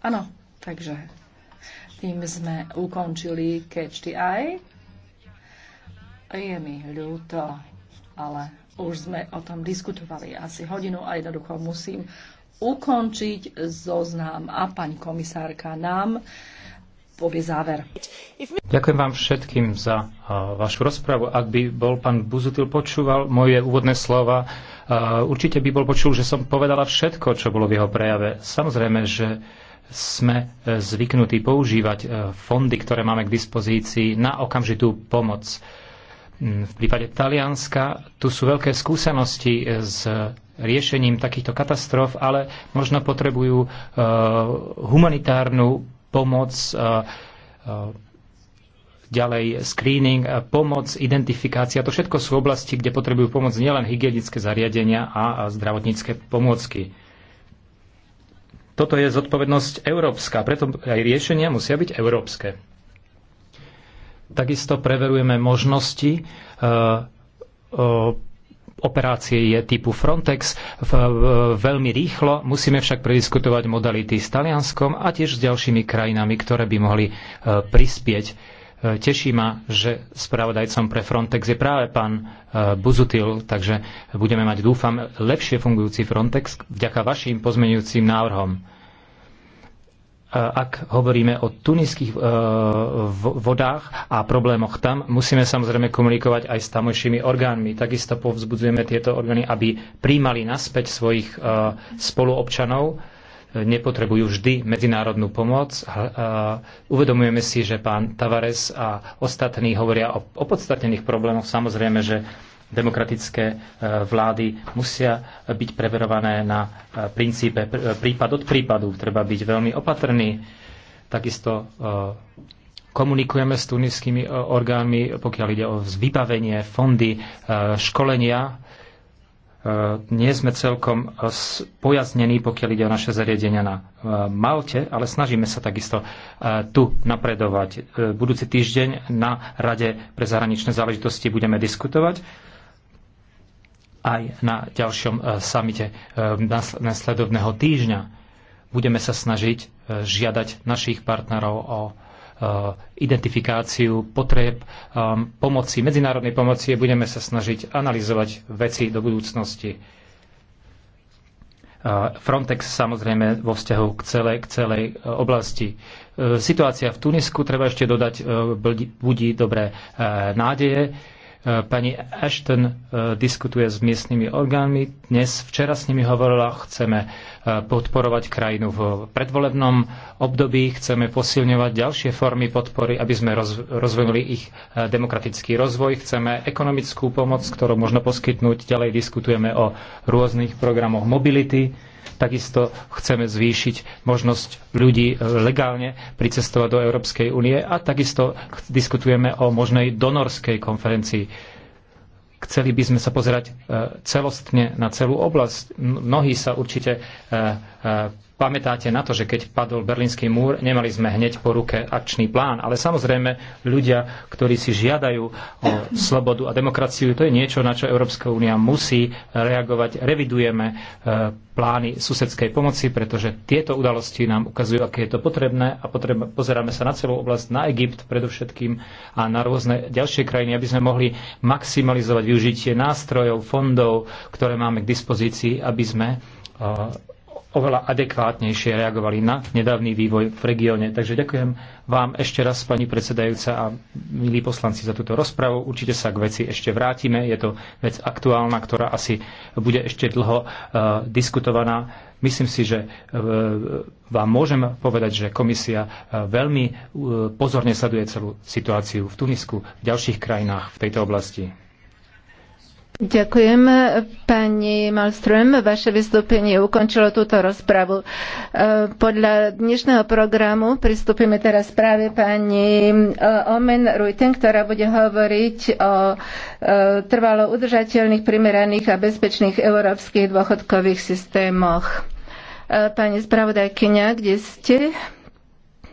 Áno, takže tým sme ukončili Catch the Eye. Je mi ľúto, ale už sme o tom diskutovali asi hodinu a jednoducho musím ukončiť zoznam a pani komisárka nám povie záver. Ďakujem vám všetkým za uh, vašu rozpravu. Ak by bol pán Buzutil počúval moje úvodné slova, uh, určite by bol počul, že som povedala všetko, čo bolo v jeho prejave. Samozrejme, že sme e, zvyknutí používať e, fondy, ktoré máme k dispozícii na okamžitú pomoc. Mm, v prípade Talianska tu sú veľké skúsenosti e, s riešením takýchto katastrof, ale možno potrebujú humanitárnu pomoc, ďalej screening, pomoc, identifikácia. To všetko sú oblasti, kde potrebujú pomoc nielen hygienické zariadenia a zdravotnícke pomôcky. Toto je zodpovednosť európska, preto aj riešenia musia byť európske. Takisto preverujeme možnosti e, e, operácie je typu Frontex e, veľmi rýchlo. Musíme však prediskutovať modality s Talianskom a tiež s ďalšími krajinami, ktoré by mohli prispieť Teší ma, že spravodajcom pre Frontex je práve pán e, Buzutil, takže budeme mať, dúfam, lepšie fungujúci Frontex vďaka vašim pozmenujúcim návrhom. E, ak hovoríme o tuniských e, vodách a problémoch tam, musíme samozrejme komunikovať aj s tamojšími orgánmi. Takisto povzbudzujeme tieto orgány, aby príjmali naspäť svojich spoluobčanov, nepotrebujú vždy medzinárodnú pomoc. Uvedomujeme si, že pán Tavares a ostatní hovoria o opodstatnených problémoch. Samozrejme, že demokratické e, vlády musia byť preverované na e, princípe e, prípad od prípadu. Treba byť veľmi opatrný. Takisto komunikujeme s tuniskými orgánmi, pokiaľ ide o vybavenie, fondy, školenia Eh, nie sme celkom eh, pojaznení, pokiaľ ide o naše zariadenia na eh, Malte, ale snažíme sa takisto tu napredovať. Budúci týždeň na Rade pre zahraničné záležitosti budeme diskutovať aj na ďalšom samite nasledovného týždňa. Budeme sa snažiť žiadať našich partnerov o Eh, identifikáciu potrieb eh, pomoci, medzinárodnej pomoci a budeme sa snažiť analyzovať veci do budúcnosti. Eh, Frontex samozrejme vo vzťahu k celej, k celej oblasti. Situácia v Tunisku, treba ešte dodať, budí dobré nádeje Eh, pani Ashton eh, diskutuje s miestnymi orgánmi. Dnes, včera s nimi hovorila, chceme eh, podporovať krajinu v predvolebnom období, chceme posilňovať ďalšie formy podpory, aby sme roz, rozvinuli ich demokratický rozvoj, chceme ekonomickú pomoc, ktorú možno poskytnúť. Ďalej diskutujeme o rôznych programoch mobility Takisto chceme zvýšiť možnosť ľudí e, legálne pricestovať do Európskej únie a takisto diskutujeme o možnej donorskej konferencii. Chceli by sme sa pozerať e, celostne na celú oblasť. Mnohí sa určite e, Pamätáte na to, že keď padol Berlínsky múr, nemali sme hneď po ruke akčný plán, ale samozrejme ľudia, ktorí si žiadajú o slobodu a demokraciu, to je niečo, na čo Európska únia musí reagovať. Revidujeme e, plány susedskej pomoci, pretože tieto udalosti nám ukazujú, aké je to potrebné a potreb, pozeráme sa na celú oblasť, na Egypt predovšetkým a na rôzne ďalšie krajiny, aby sme mohli maximalizovať využitie nástrojov, fondov, ktoré máme k dispozícii, aby sme e, oveľa adekvátnejšie reagovali na nedávny vývoj v regióne. Takže ďakujem vám ešte raz, pani predsedajúca a milí poslanci, za túto rozpravu. Určite sa k veci ešte vrátime. Je to vec aktuálna, ktorá asi bude ešte dlho uh, diskutovaná. Myslím si, že uh, vám môžem povedať, že komisia uh, veľmi uh, pozorne sleduje celú situáciu v Tunisku, v ďalších krajinách v tejto oblasti. Ďakujem. Pani Malström, vaše vystúpenie ukončilo túto rozpravu. E, podľa dnešného programu pristúpime teraz práve pani e, Omen Ruiten, ktorá bude hovoriť o e, trvalo udržateľných, primeraných a bezpečných európskych dôchodkových systémoch. Pani spravodajkyňa, kde ste?